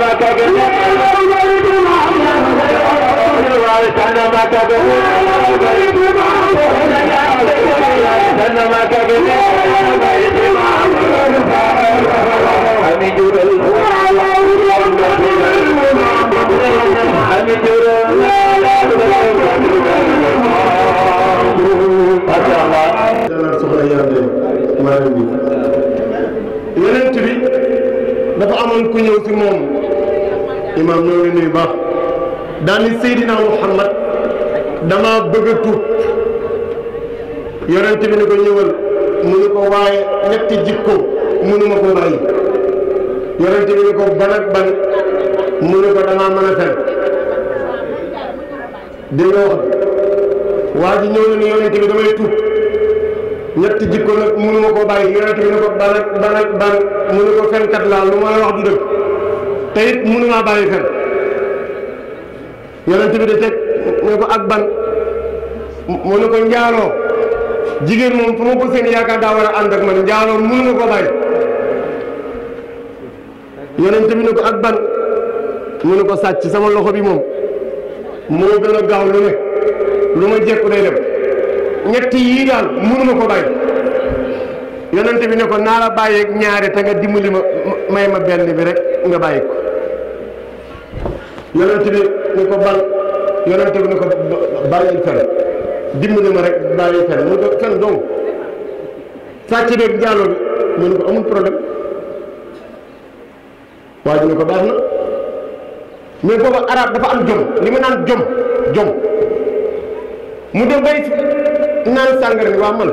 ما كبر وارثنا ما كبر وارثنا ما كبر حميد حميد ما شاء الله. yonent bi dafa amoon ku ñëw ci moom. imaam ñoo ngi nuyu baax daal ni Seydina Muhammad dama bëgg a tuub yonent bi ni ko ñëwal mu ni ko waaye ñetti jikko mënuma ko bàyyi yonent bi ni ko ban ak ban mu ni ko damaa di nga wax jikko nag ko bàyyi yonent bi ni ko mu ni ko fenkat laa lu ma wax du dëgg te it mënumaa bàyyi fen yonent bi de teg ne ko ak ban mu ne ko njaaloo jigéen moom fu ma ko seen yaakaar daa war a ànd ak man njaaloo mënu ma ko bàyyi yonent bi ne ko ak ban mu ne ko sàcc sama loxo bi moom moo gën a gaaw lu ne lu ma jekku day dem ñett yii daal mënu ko bàyyi yonent bi ne ko naa la bàyyeeg ñaare te nga dimbali ma may ma benn bi rek nga bàyyi yonent bi ni ko bal yonent bi ni ko bàyyil fen dimbali ma rek bàyyil fen mu ne ko fen donc sàcc bi mu ne ko amul problème baax na mais booba arab dafa am jom li ma naan jom jom mu dem bay naan sàngara bi waa man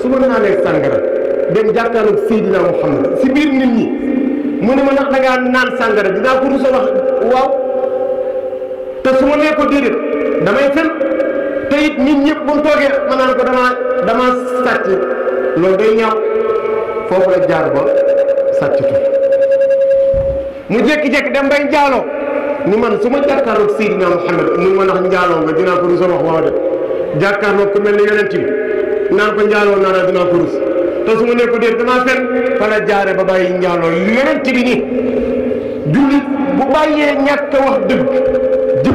su naanee sàngara dem jàkkaarloog Seydina Muhammad si biir nit ñi mu ne ma ndax da naan sàngara dinaa ko rus a wax waaw te su ma nee ko déedéet damay fen te it nit ñëpp bu mu ma naan ko damaa dama sàcc loolu day ñaaw foofu la jaar ba sàcctu mu jékki-jékki dem bay njaaloo ni man su ma jàkkaarloog Seydina Muhammad mu ma nga dinaa ko rus a wax waaw de jàkkaarloog ku mel ni yonent bi naan ko njaaloo naa la dinaa ko rus damaa fen fa la jaare ba bàyyi njaaloo yonent bi ni jullit bu bàyyee ñàkk a wax dëgg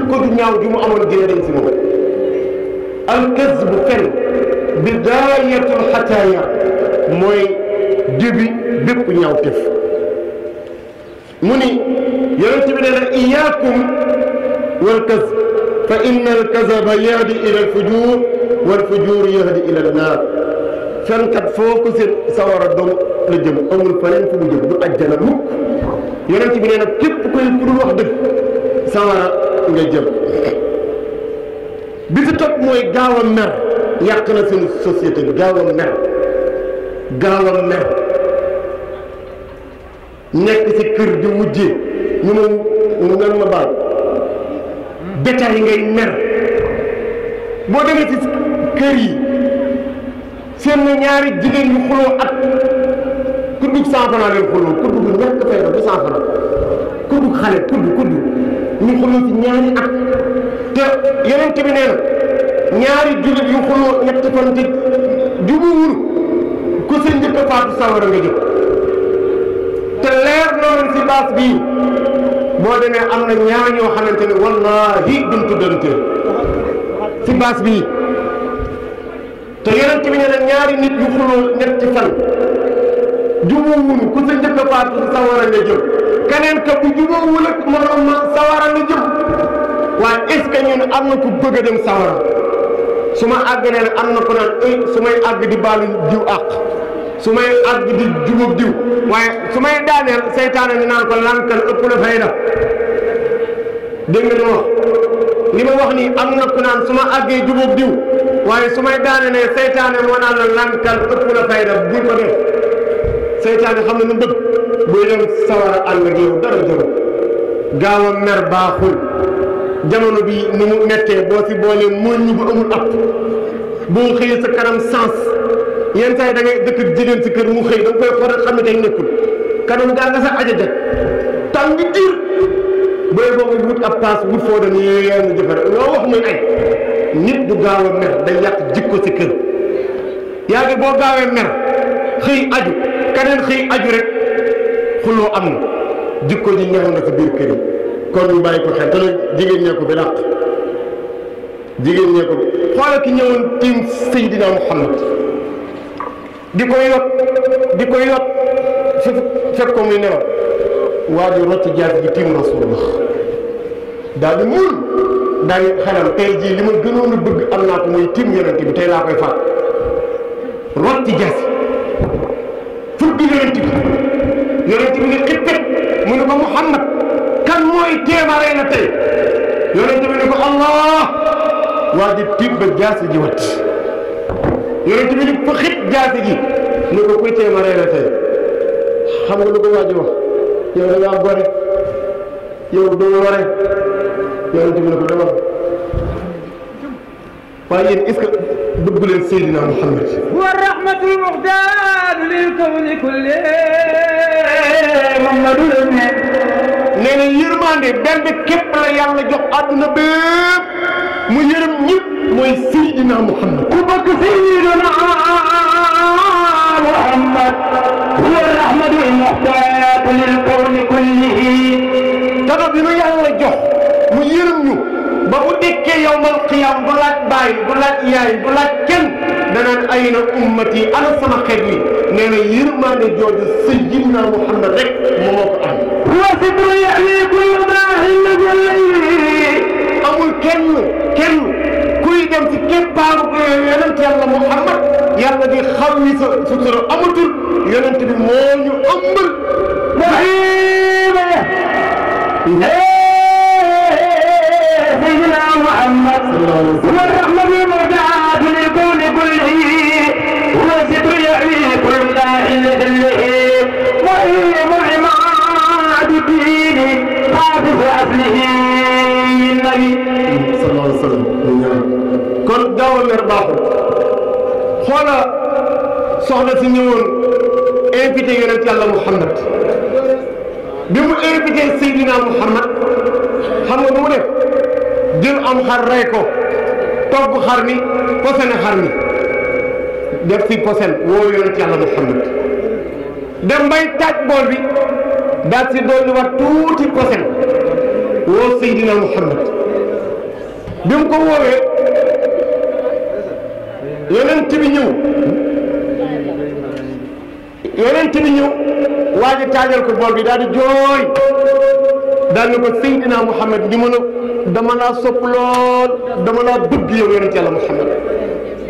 jikko ju ñaaw ju mu amoon jëlee nañ si moom alkazbu fen bidaayatul xataaya mooy début bépp ñaaw tef mu ni yonent bi nee na iyaakum wal kazb fa inna al kazaba yahdi ila al fujur wal fujur yahdi ila al naar fenkat foo ko seen sawara dong la jëm amul feneen fu mu jëm du ajjana mukk yonent bi nee na képp koy ku dul wax dëgg sawara nga jëm bi ci topp mooy gaaw a mer yàq na seen société bi gaaw a mer gaaw a mer nekk ci kër di wujje ñu ma ñu ma baal détails yi ngay mer boo demee ci kër yi seen ñaari jigéen yu xuloo at ku dugg cent francs leen xuloo ku dugg ñàkk bu cent francs xale ku dugg ñu xuloo ci ñaari at te yeneen bi nee na ñaari jullit yu xuloo ñett fan te jubuwul ku si njëkk a faatu sawara nga jëm te leer na leen si baas bii boo demee am na ñaar ñoo xamante ne wallahi duñ tuddante si baas bii te yeneen bi nee na ñaari nit yu xuloo ñetti fan jubuwul ku si njëkk a faatu sawara nga jëm keneen ka bu jubóowul ak morom ma sawara la jëm waaye est ce que am na ku bëgg a dem sawara su ma àgg ne am na ko naan eh, su may àgg di baalu diw àq su may àgg di jubóob diw waaye su may daaneel seytaane ni naan ko lankan ëpp la fay la dégg nga li ma wax li ma wax nii am na ku naan su ma àggee jubóob diw su may daanelee seytaane moo naan la lankan ëpp la fay la buñ ko def seytaane xam na nu bëgg. ku leen a ànd ak yow dara jarul gaaw a jamono bi ni mu mettee boo si boolee mooñ ñu bu amul at boo xëyee sa kanam sens yenn saa yi da ngay dëkk jigéen si kër mu xëy da nga koy xool xam ne tey nekkul kanam gaa boo wut ab paas wut foo dem yéen a jëfandikoo loo wax muy ay nit du gaaw a mer day yàq jikko si kër yaa ngi boo gaawee mer xëy aju keneen xëy aju rek. xuloo am na jikko ji ñaaw na ci biir kër yi kon ñu bàyyi ko xel te nag jigéen ñee ko bi làq jigéen ñee ko bi xoola ki ñëwoon tiim Seydina Muhammad di ko yot di ko yot su fekk ko muy nelaw waa ji rocc jaas ji tiim Rasulullah daal di daal di tey jii li ma gënoon a bëgg am naa ko muy tiim yonent bi tey laa koy faat rocc jaas yonent bi ne xippit mu ne ko Muhammad kan mooy téema rey na tey yonent bi ne ko Allah waa ji tibb jaasi ji wat yonent bi ne ko xit jaasi ji ne ko kuy téema rey na tey xam nga lu ko waa ji wax yow da ngaa gore yow doo ware yonent bi ne ko demal waaye yéen est-ce que dugg leen Seydina Muhammad wa rahmatul muxtaar للكون كله محمد رمي nee na yërmande benn képp la yàlla jox àdduna bépp mu yërëm ñëpp mooy Seydina Muhammad ku bëgg Seydina Muhammad huwa rahmatu lmuxtaat lilkawni kullihi dara bi nu yàlla jox mu yërëm ñu ba bu dekkee yowmal qiyaam bu laaj baay bu laaj yaay bu laaj kenn danaan ayna ummati ala sama xeet wi nee na yërmaande jooju sayyidina Muhammad rek moom moo ko am. wa sitru yaxiiku yudaaxi nabiyi amul kenn kenn kuy dem ci keppaaru yonent yàlla Muhammad yàlla di xam ni sa sutura amatul yonent bi moo ñu ëmbal. sayyidina Muhammad طريق الله لذله مؤيم العماد ديني حافظ أصله النبي صلى الله عليه وسلم kon daaw a mer baaxul xoola soxna si ñëwoon invité yonent yàlla Muhammad bi mu invité Seydina Muhammad xam nga bu mu def jël am xar rey ko togg xar mi posone xar mi def si posen woo yoon ci yàlla Muhammad dem taaj bool bi daal si doon wat tuuti posen woo Seydina Muhammad bi mu ko woowee yonent bi ñëw yonent bi ñëw waa ko bool bi daal di jooy daal ni ko Seydina Muhammad ñu mën a dama laa sopp lool dama laa bëgg yow yonent yàlla Muhammad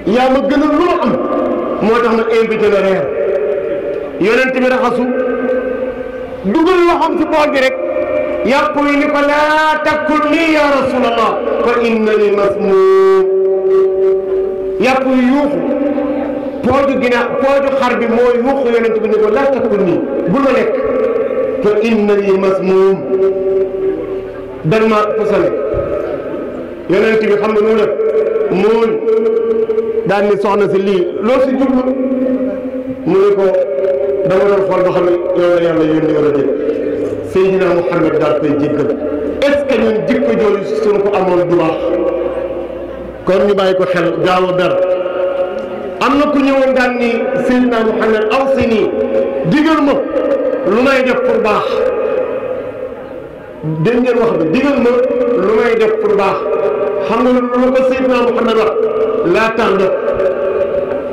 yaa ma gën a lu moo tax nag invité la reer yonent bi raxasu dugal loxoom ci bool bi rek yàpp yi ni ko laa takkul nii ya rasulallah fa innani masmuum yàpp yu yuuxu pooju ginnaaw pooju xar bi moo yuuxu yonent bi ni ko laa takkul nii bu ma lekk fa innani masmuum dan maa posale yonent bi xam nga noonu la mool daal ni soxna si lii loolu si jublu mu ne ko dama doon xool ba xam ne yow la yàlla yónni wala déet Seydina Mouhamed daal koy jéggal est-ce jikko jooju suñu ko amoon du baax kon ñu bàyyi ko xel gaaw a ber am na ku ñëwoon daan ni Seydina Mouhamed aw si nii lu may def pour baax dégg wax bi digal ma lu lu ma ko Seydina Mouhamed wax laa tax nga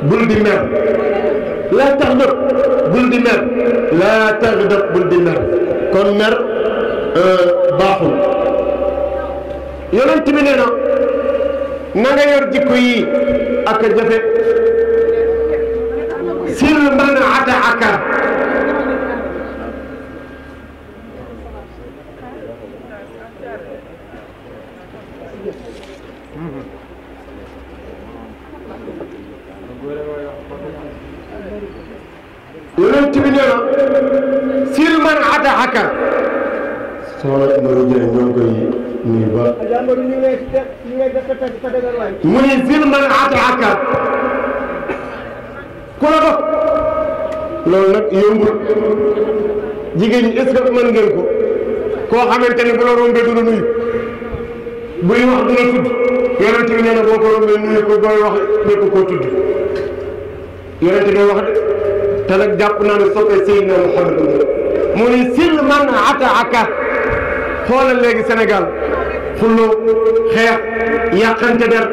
bul di mer laa tax nga bul di mer laa tax nga bul di mer kon mer euh, baaxul yonent bi nee na na nga yor jikko yi ak jafe sir man ata aka mu ne zil man ataaka ku la dox nag yombul jigéen ñi est-ce que mën ngeen ko koo xamante ni bu la rombee du la nuyu buy wax du la tudd yonent bi na boo ko rombee nuyu ko booy wax nekk koo tudd wax te nag jàpp naa ne soppee Seydina Muhammad mu ne zil man ataaka xoolal léegi senegal xullu xeex yàqante der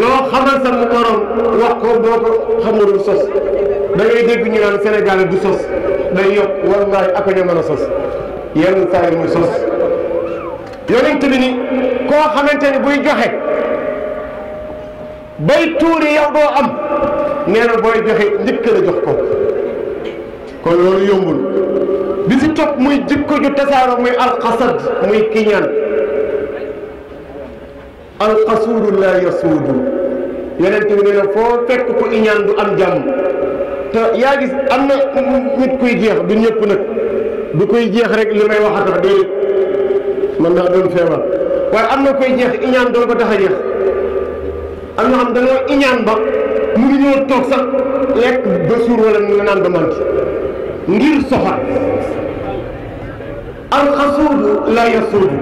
loo xamal sa morom wax ko boo ko xamul sos da ngay dégg ñu naan Sénégal du sos day yokk wallahi ak ñu a sos yenn saa yi muy sos yonent bi ni koo xamante ni buy joxe bay tuuri yow doo am nee na booy joxe njëkk la jox ko kon loolu yombul bi si topp muy jikko ju tasaaroo muy alxasad muy kiñaan alxasuudu laa yasuudu yonent bi nee na foo fekk ku iñaan du am jàmm te yaa gis am na nit kuy jeex du ñëpp nag du koy jeex rek li may wax a tax déedéet man daa doon feebar waaye am na koy jeex iñaan doon ko tax a jeex am na xam dañoo iñaan ba mu ngi ñëw toog sax lekk ba suur wala naan ba mant ngir soxal alxasuudu laa yasuudu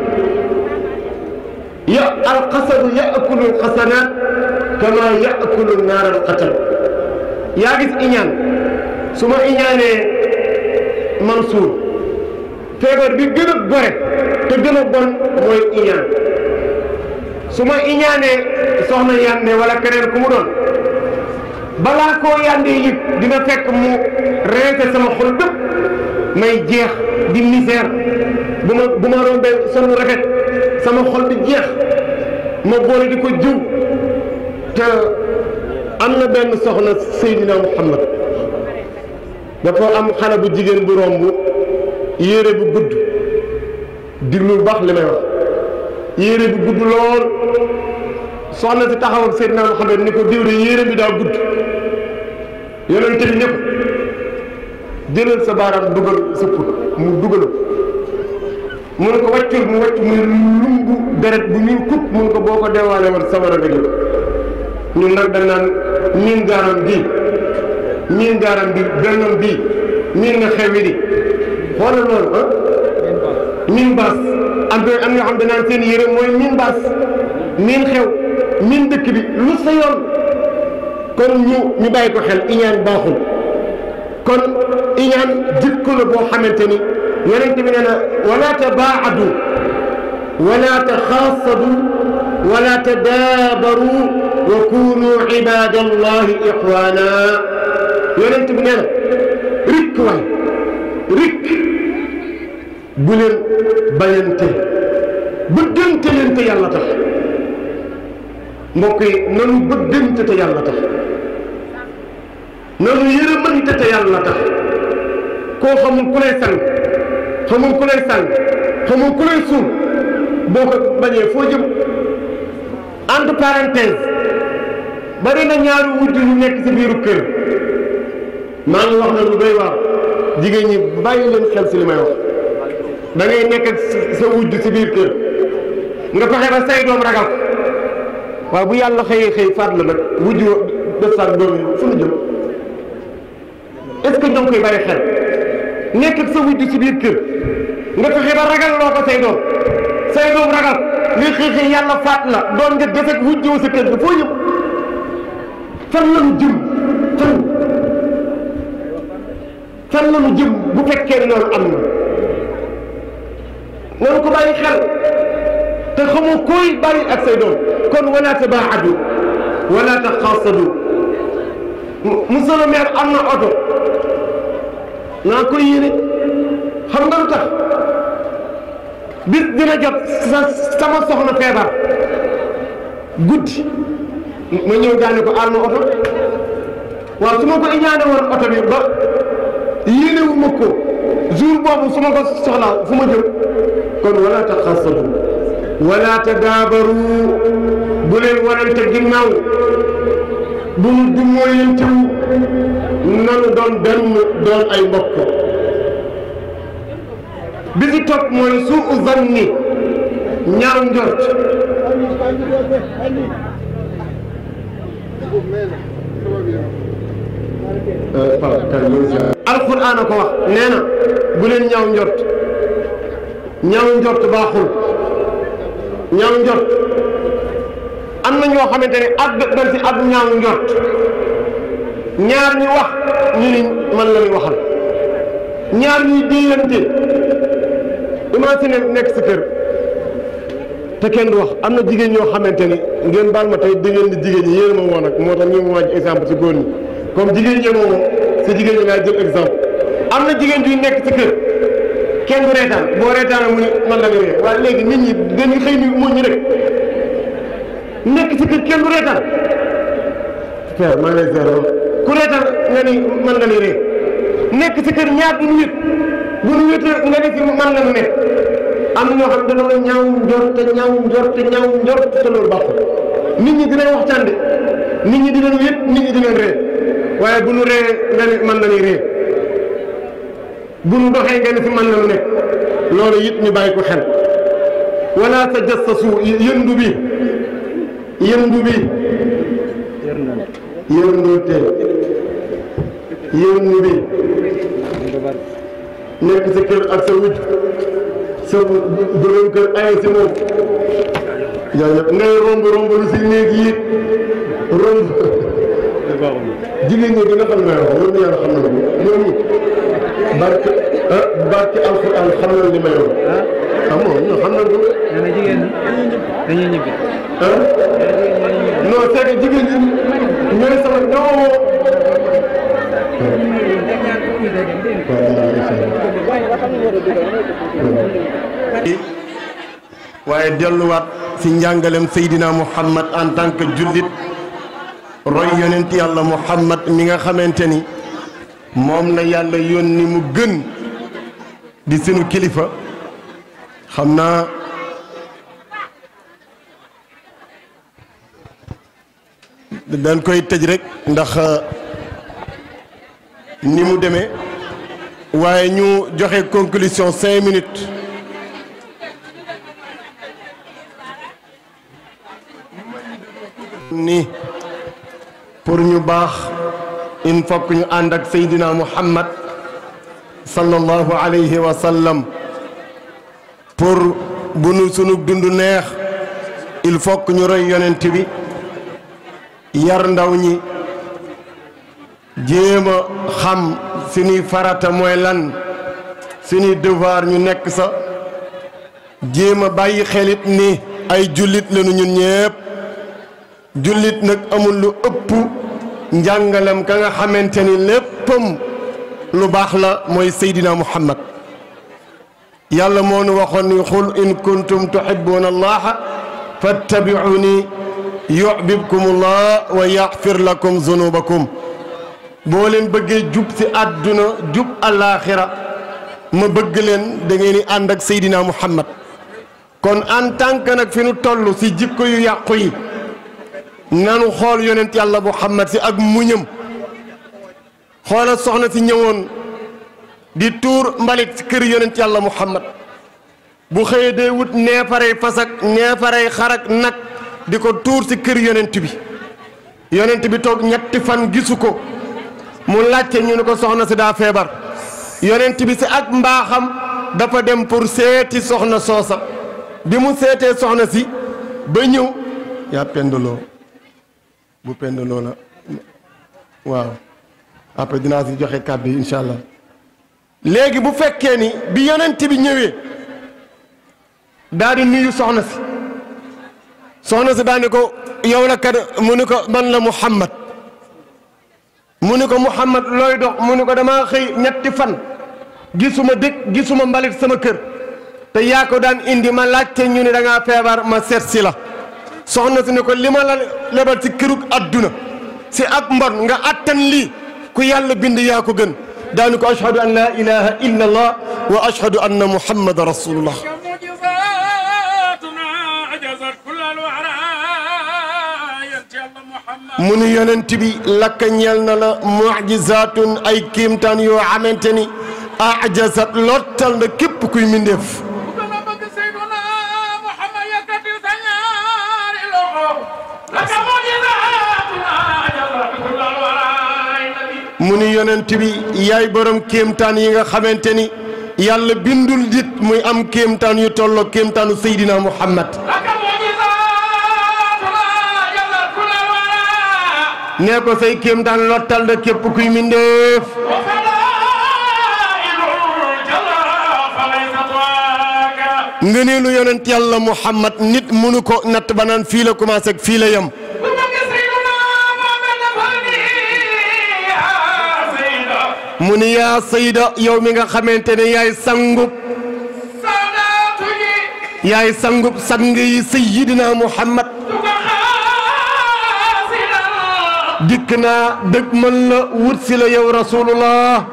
ya alxasadu yakulu alxasanat kama yakulu naar alxatab yaa gis iñaan su ma iñaanee Mansour feebar bi gën a bare te gën bon mooy iñaan su ma iñaanee soxna yande wala keneen ku mu doon balaa koo yande yëg dina fekk mu reete sama xol bépp may jeex di misère bu ma bu ma rombee sonu sama xol bi jeex ma boole di ko jiw te am na benn soxna Seydina Muhammad dafa am xale bu jigéen bu romb yére bu gudd diglu baax li may wax yére bu gudd lool soxna si taxaw ak Seydina Muhammad ni ko diw de yére bi daa gudd yonent bi jëlal sa baaraam dugal sa put mu dugal mu ko wàccul mu wàcc muy lumbu deret bu ñuy kut mu ko boo ko deewaale woon sawara nga jëm ñun nag dañ naan miin gaaram bii miin gaaram bi bennoon bii miin nga xewi di xoolal loolu ah miin baas am na am ñoo xam ne naan seen yére mooy miin baas miin xew miin dëkk bi lu sa yoon kon ñu ñu bàyyi ko xel iñaan baaxul kon iñaan jikko la boo xamante ni yonent bi nee na wala tabaadu wala taxaasadu wala tadaabaru wa kunu ibada allahi ixwana yonent bi nee na rikk waay rikk bu leen bañante bëggante leen te yàlla tax mbokk yi nanu bëggante te yàlla tax nanu yërëmante te yàlla tax koo xamul ku lay sang xamuñ ku lay sàng xamuñ ku lay suul boo ko bañee foo jëm entre parenthèse na ñaari wujj yu nekk ci biiru kër maa ngi wax na lu doy waar jigéen ñi bàyyi leen xel si li may wax da ngay sa wujj si biir kër nga fexe ba say doom ragal waaye bu yàlla xëyee xëy faat la nag wujj def saak doom yi fu ñu jëm est-ce que ñoo ngi koy bàyyi xel nekk ak sa wujj ci biir kër nga fexe ba ragal loo ko say doom ragal li xëy yàlla la doon nga defek wujjoo sa kër ga foo yëpp fan la ñu bu fekkee loolu am na noonu ko bàyyi xel te xamoo koy bàyyi ak say kon wala tabaadu wala taxaasadu monsieur le maire am na oto naa koy yéene xam nga lu jot sa sama soxna feebar guddi ma ñëw daane ko aal ma oto waaw su ko ñaane woon oto bi ba yéene wu ma ko boobu su ma ko soxlaa fu ma jëm kon wala taxasadu wala tadaabaru bu leen warante ginnaaw bu du mooyantewu nanu doon benn doon ay mbokk bi ci topp mooy suu zanni ñaaw njort alquran nee na bu leen ñaaw njort ñaaw njort na ñoo xamante ne àgg dañ ab ñaaw njort ñaar ñu wax ñu ni man la muy waxal ñaar ñuy déeyante imagine nekk si kër te kenn du wax am na jigéen ñoo xamante ni ngeen baal ma tey dégg ngeen di jigéen ñi yéen ma woon ak moo tax ñu ma wàññi exemple si góor ñi comme jigéen ñi si jigéen ñi laay jël exemple am na jigéen juy nekk ci kër kenn du reetaan boo reetaana mu ne man la nga ree waaye léegi nit ñi dañuy xëy ni muñ ñu rek nekk ci kenn du reetaan père maa ngi lay ku reetal nga ni man la ni ree nekk ci kër ñaar bu ñu wét bu ñu wét nga ni fi man la nekk am na ñoo xam ne dañoo ñaaw njort te ñaaw njort te ñaaw njort te loolu baaxul nit ñi dinañ waxtaan de nit ñi dinañ wét nit ñi dinañ ree waaye bu ñu ree nga ni man la ni ree bu ñu doxee nga ni fi man la nekk loolu it ñu bay ko xel wala tajassasu yëndu bi yëndu bi yëndu tey yéen bi nekk sa kër ak sa wut sa borom kër ay si moom jaajëf ngay romb romb lu si néeg yi romb jigéen ñi dina xam nga wax loolu yàlla xam na ko ñoom barke ah barke alxuraan ah, xam na li may wax ah moom ñoo xam na ko. mais jigéen ñi dañuy ñibbi. ah non c'est que jigéen ñi ñooy sama ñoo. waaye delluwaat ci njàngalem Seydina Muhammad en tant que jullit roy yonent yàlla Muhammad mi nga xamante ni moom la yàlla yónni mu gën di sunu kilifa xam naa dañ koy tëj rek ndax ni mu demee waaye ñu joxe conclusion cinq minutes ni pour ñu baax il faut que ñu ànd ak Seydina Muhammad sallallahu alayhi wa pour bu nu sunu dund neex il faut ñu roy yonent bi yar ndaw ñi jéem a xam suñuy farata mooy lan suñuy devoir ñu nekk sa jéem a bàyyi xelit ni ay jullit lañu ñun ñëpp jullit nag amul lu ëpp njàngalam ka nga xamante ni léppam lu baax la mooy Seydina Muhammad yàlla moo nu waxoon ni xul in kuntum tuhibbuuna allaha fattabi'uni yuhbibkum allah wa yaxfir lakum boo leen bëggee jub ci àdduna jub alaaxira ma bëgg leen dangeen ngeen di ànd ak Seydina Muhammad kon en tant que nag fi nu toll ci jikko yu yàqu yi nanu xool yonent yàlla Muhammad ci ak muñam xoolal soxna si ñëwoon di tuur mbalit ci kër yonent yàlla Muhammad bu xëyee dee wut neefaree fas ak neefaree nag di ko tuur ci kër yonent bi yonent bi toog ñetti fan gisu ko mu laajte ñu ne ko soxna si daa feebar yonent bi si ak mbaaxam dafa dem pour seeti soxna soosa bi mu seetee soxna si ba ñëw yaa pendaloo bu pendaloo la waaw après dinaa si joxe kàddu yi incha allah léegi bu fekkee ni bi yonent bi ñëwee daal di nuyu soxna si soxna si daal ni ko yow la kat mu ne ko man la Muhammad mu ni ko Muhammad looy dox mu ni ko damaa xëy ñetti fan gisuma dëkk gisuma mbalit sama kër te yaako daan indi ma laaj ñu ni da feebar ma seet si la soxna si ne ko li ma la lebal si kërug adduna si ak mbon nga attan lii ku yàlla bind yaa ko gën daanu ko ashhadu an laa ilaha illa allah wa ashhadu anna muhammada rasulullah mu nu yonent bi lakka ñeel na la mucjisaatun ay kiimtaan yoo xamante ni ajasat lottal na képp kuy mindeef mu ni yonent bi yaay borom kéemtaan yi nga xamante ni yàlla bindul nit muy am kéemtaan yu tolloo kéemtaanu Seydina Muhammad nee ko say kéemtaan lottal na képp kuy mindeef ngëneelu yonent yàlla Muhammad nit mënu ko natt ba naan fiila la commencé ak fii la yem mu ni yaa sayda yow mi nga xamante ne yaay sangub yaay sangub sang yi sayyidina Muhammad dikk naa dëgg mën la wut si la yow rasulullah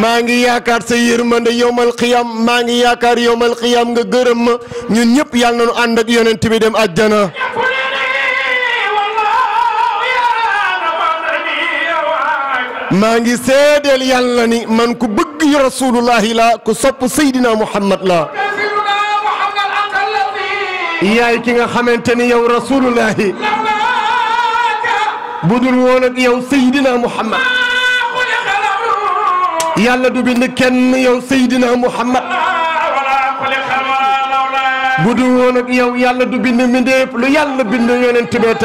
maa ngi yaakaar sa yërmande yowmal qiyam maa ngi yaakaar yowmal qiyam nga gërëm ma ñun ñëpp yàlla nañu ànd ak yonent maa ngi seedeel yàlla ni man ku bëgg rasulullahi la ku sopp Seydina Muhammad la yaay ki nga xamante ni yow rasulullahi budul woon ak yow du bind kenn yow Seydina yàlla du bind mbindeef lu yàlla bind yonent bee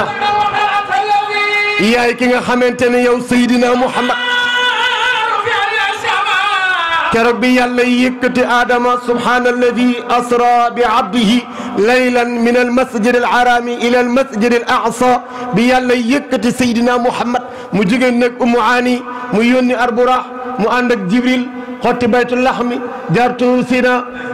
yaay ki nga xamante ni yow Seydina Muhammad keroog bi yàlla yëkkati aadama subhaana alladi asra bi abdihi laylan min almasjid alxaraami ila almasjid al aqsa bi yàlla yëkkati saydina muhammad mu jóge nag umu aani mu yónni arburax mu ànd ak jibril xotti baytul laxmi jaar tuur sina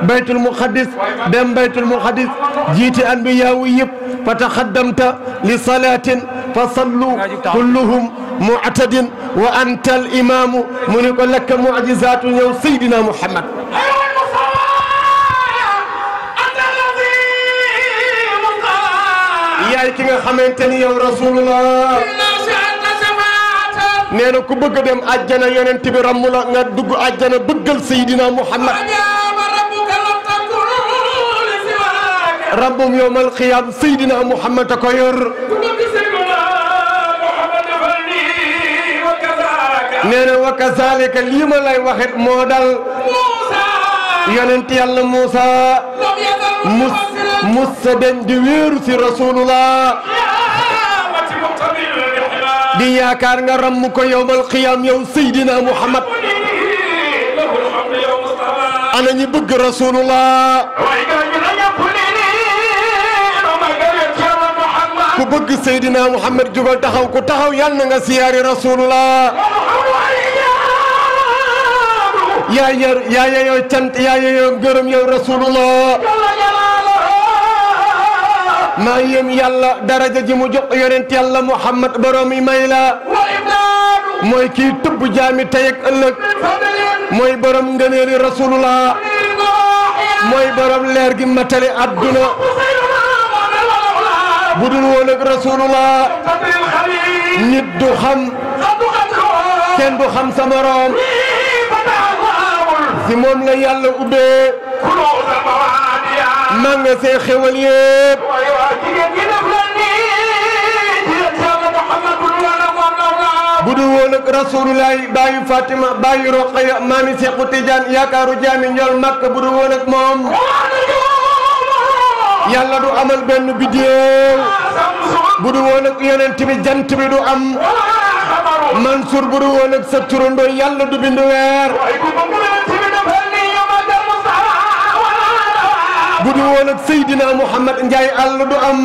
baytul muqaddis dem baytul muqaddis jiite anbiyaawu yëpp fa taxaddamta li salaatin fasallu kulluhum mu'tadin wa anta al imaamu mu ni ko lakka mu'jizaatu yow Seydina Muhammad yaay ki nga xamante ni yow rasulullah nee na ku bëgg a dem àjjana yonent bi ramm la nga dugg àjjana bëggal Seydina Muhammad rabbum yowmal qiyaam Seydina Muhammad a ko yor nee wa kazalika lii ma lay waxit moo dal yonent yàlla Moussa mus mus sa di wéeru si rasulullah di yaakaar nga ramm ko yowmal qiyaam yow Seydina Muhammad ana ñi bëgg rasulullah ku bëgg Seydina Muhammad jubal taxaw ku taxaw yàlla na nga siyaari rasulullah yaa yor yaa yeyoo cant yaa yàlla daraja ji mu jox yonent yàlla muhammad borom yi may la mooy kii tubb jaami tey ak mooy borom ngëneeli rasulullah mooy borom leer gi matale adduna bu dul woon ak rasulullah nit du xam kenn du xam sa ci moom la yàlla ubbee. manga seen xewal yépp. bu dul woon ak rasululaahi baayu Fatima baayu Roqaya maami Seexu Tijaan yaakaaru jaami ñool màkk bu dul woon ak moom. yàlla du amal benn bidéew. bu dul woon ak bi jant bi du am. Mansour bu dul woon ak sa turandoo yàlla du bind weer. bu du woon ak Seydina Mouhamed Ndiaye àll du am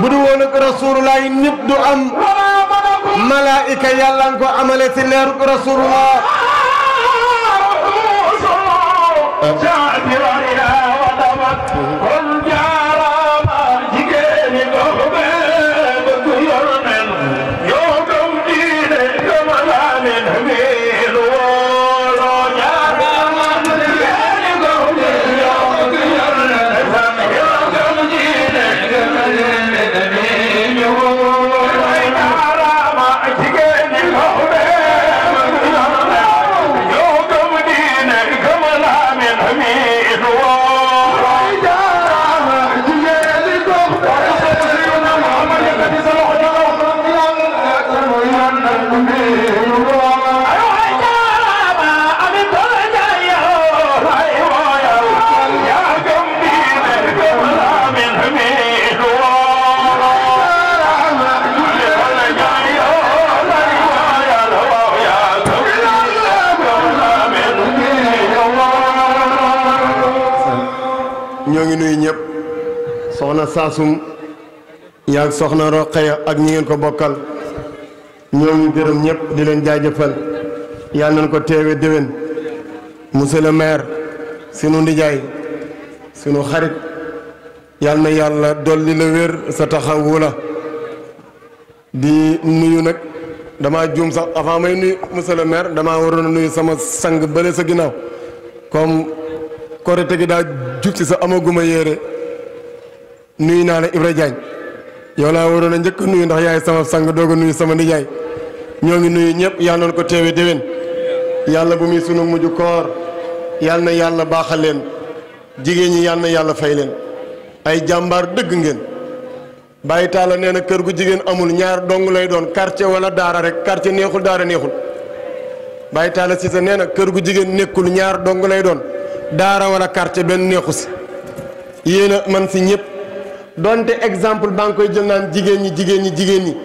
bu du woon ak Rasulullah nit du am malaayika yàlla nga ko amale si leerug saasum yaag soxna Roqeya ak ñi ngeen ko bokkal ñoo ngi gërëm ñëpp di leen jaajëfal yal nañ ko teewe déwén monsieur le maire sunu ndijaay sunu xarit yal na yàlla dolli la wér sa taxawu di nuyu nag damaa juum sax avant may nuyu monsieur le maire damaa waroon a nuyu sama sang bële sa ginnaaw comme korite gi daa jub sa amaguma yére nuyu naa la Ibra Diagne yow laa waroon a njëkk nuyu ndax yaay sama sang doog a nuyu sama nijaay ñoo ngi nuyu ñëpp yal nañu ko teewee déwén yàlla bu muy sunu mujj koor yàlla na yàlla baaxal leen jigéen ñi yal na yàlla fay leen ay jàmbaar dëgg ngeen bàyyi taala nee na kër gu jigéen amul ñaar dong lay doon quartier wala daara rek karte neexul daara neexul bàyyi taala si sa nee na kër gu jigéen nekkul ñaar dong lay doon daara wala quartier benn neexu si yéen man si ñëpp. donte exemple baa ngi koy jël naan jigéen ñi jigéen ñi jigéen ñi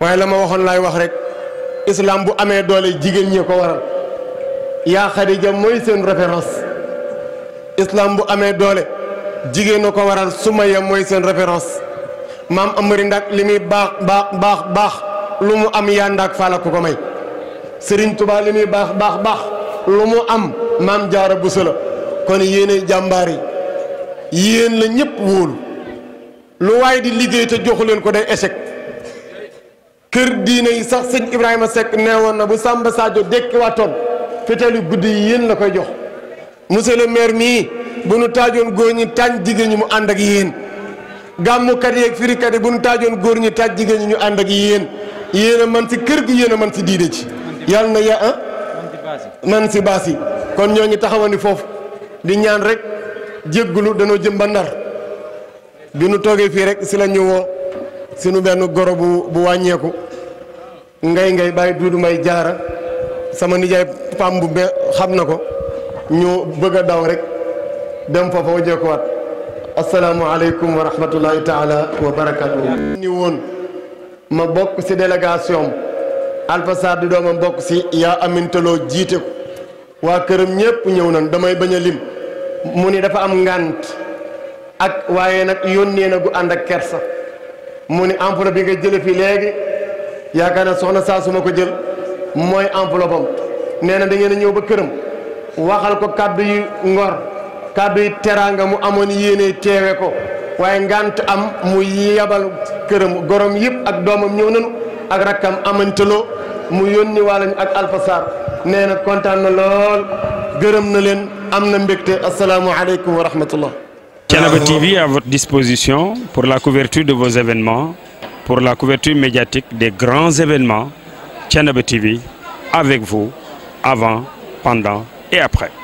waaye la ma waxoon laay wax rek islam bu amee doole jigéen ñi ko waral yaa Xadija mooy seen référence islam bu amee doole jigéen a ko waral su Sumaya mooy seen référence maam Amari Ndak li muy baax baax baax lu mu am yaa Ndak Fall ku ko may Serigne tubaa li muy baax baax baax lu mu am maam Jaara bu la kon yéenay jàmbaar yi yéen la ñëpp wóolu. lu waaye di liggéey te joxu leen ko day échec kër diine yi sax sëñ Ibrahima Seck nee woon na bu Samba Sadio dekkiwaatoon fitalu guddi yi yéen la koy jox monsieur le maire mii bu nu taajoon góor ñi tànn jigéen ñi mu ànd ak yéen gàmmukat yeeg firikat yi bu nu taajoon góor ñi tànn jigéen ñi ñu ànd ak yéen yéen a man si kër gi yéen a man si diine ci yàlla na ya ah man si baas yi kon ñoo ngi taxawandi foofu di ñaan rek jéggulu danoo jëm ba ndar bi nu toogee fii rek si la ñu woo sunu benn goro bu bu wàññeeku ngay ngay bàyyi du may jaara sama nijaay pam bu be xam na ko ñu bëgg a daw rek dem foofa wajjeekuwaat asalaamualeykum wa rahmatullahi taala wa barakaatu. ni woon ma bokk si délégation Alpha Sarr di doomam bokk si yaa amintaloo jiite ko waa këram ñépp ñëw nañ damay bañ a lim mu ni dafa am ngànt ak waaye nag yónnee na gu ànd ak kersa mu ni enveloppe bi nga jële fii léegi yaakaar na soxna saa suma ko jël mooy enveloppe am nee na da a ñëw ba këram waxal ko kàddu yi ngor kàddu yi teraanga mu amoon yéene teewe ko waaye ngant am mu yabal këram gorom yëpp ak doomam ñëw nañu ak rakkam amantaloo mu yónni waalañu ak Alpha Sarr nee na kontaan na lool gërëm na leen am na mbégte asalaamualeykum wa rahmatullah Thiénaba TV à votre disposition pour la couverture de vos événements, pour la couverture médiatique des grands événements. Thiénaba TV avec vous, avant, pendant et après.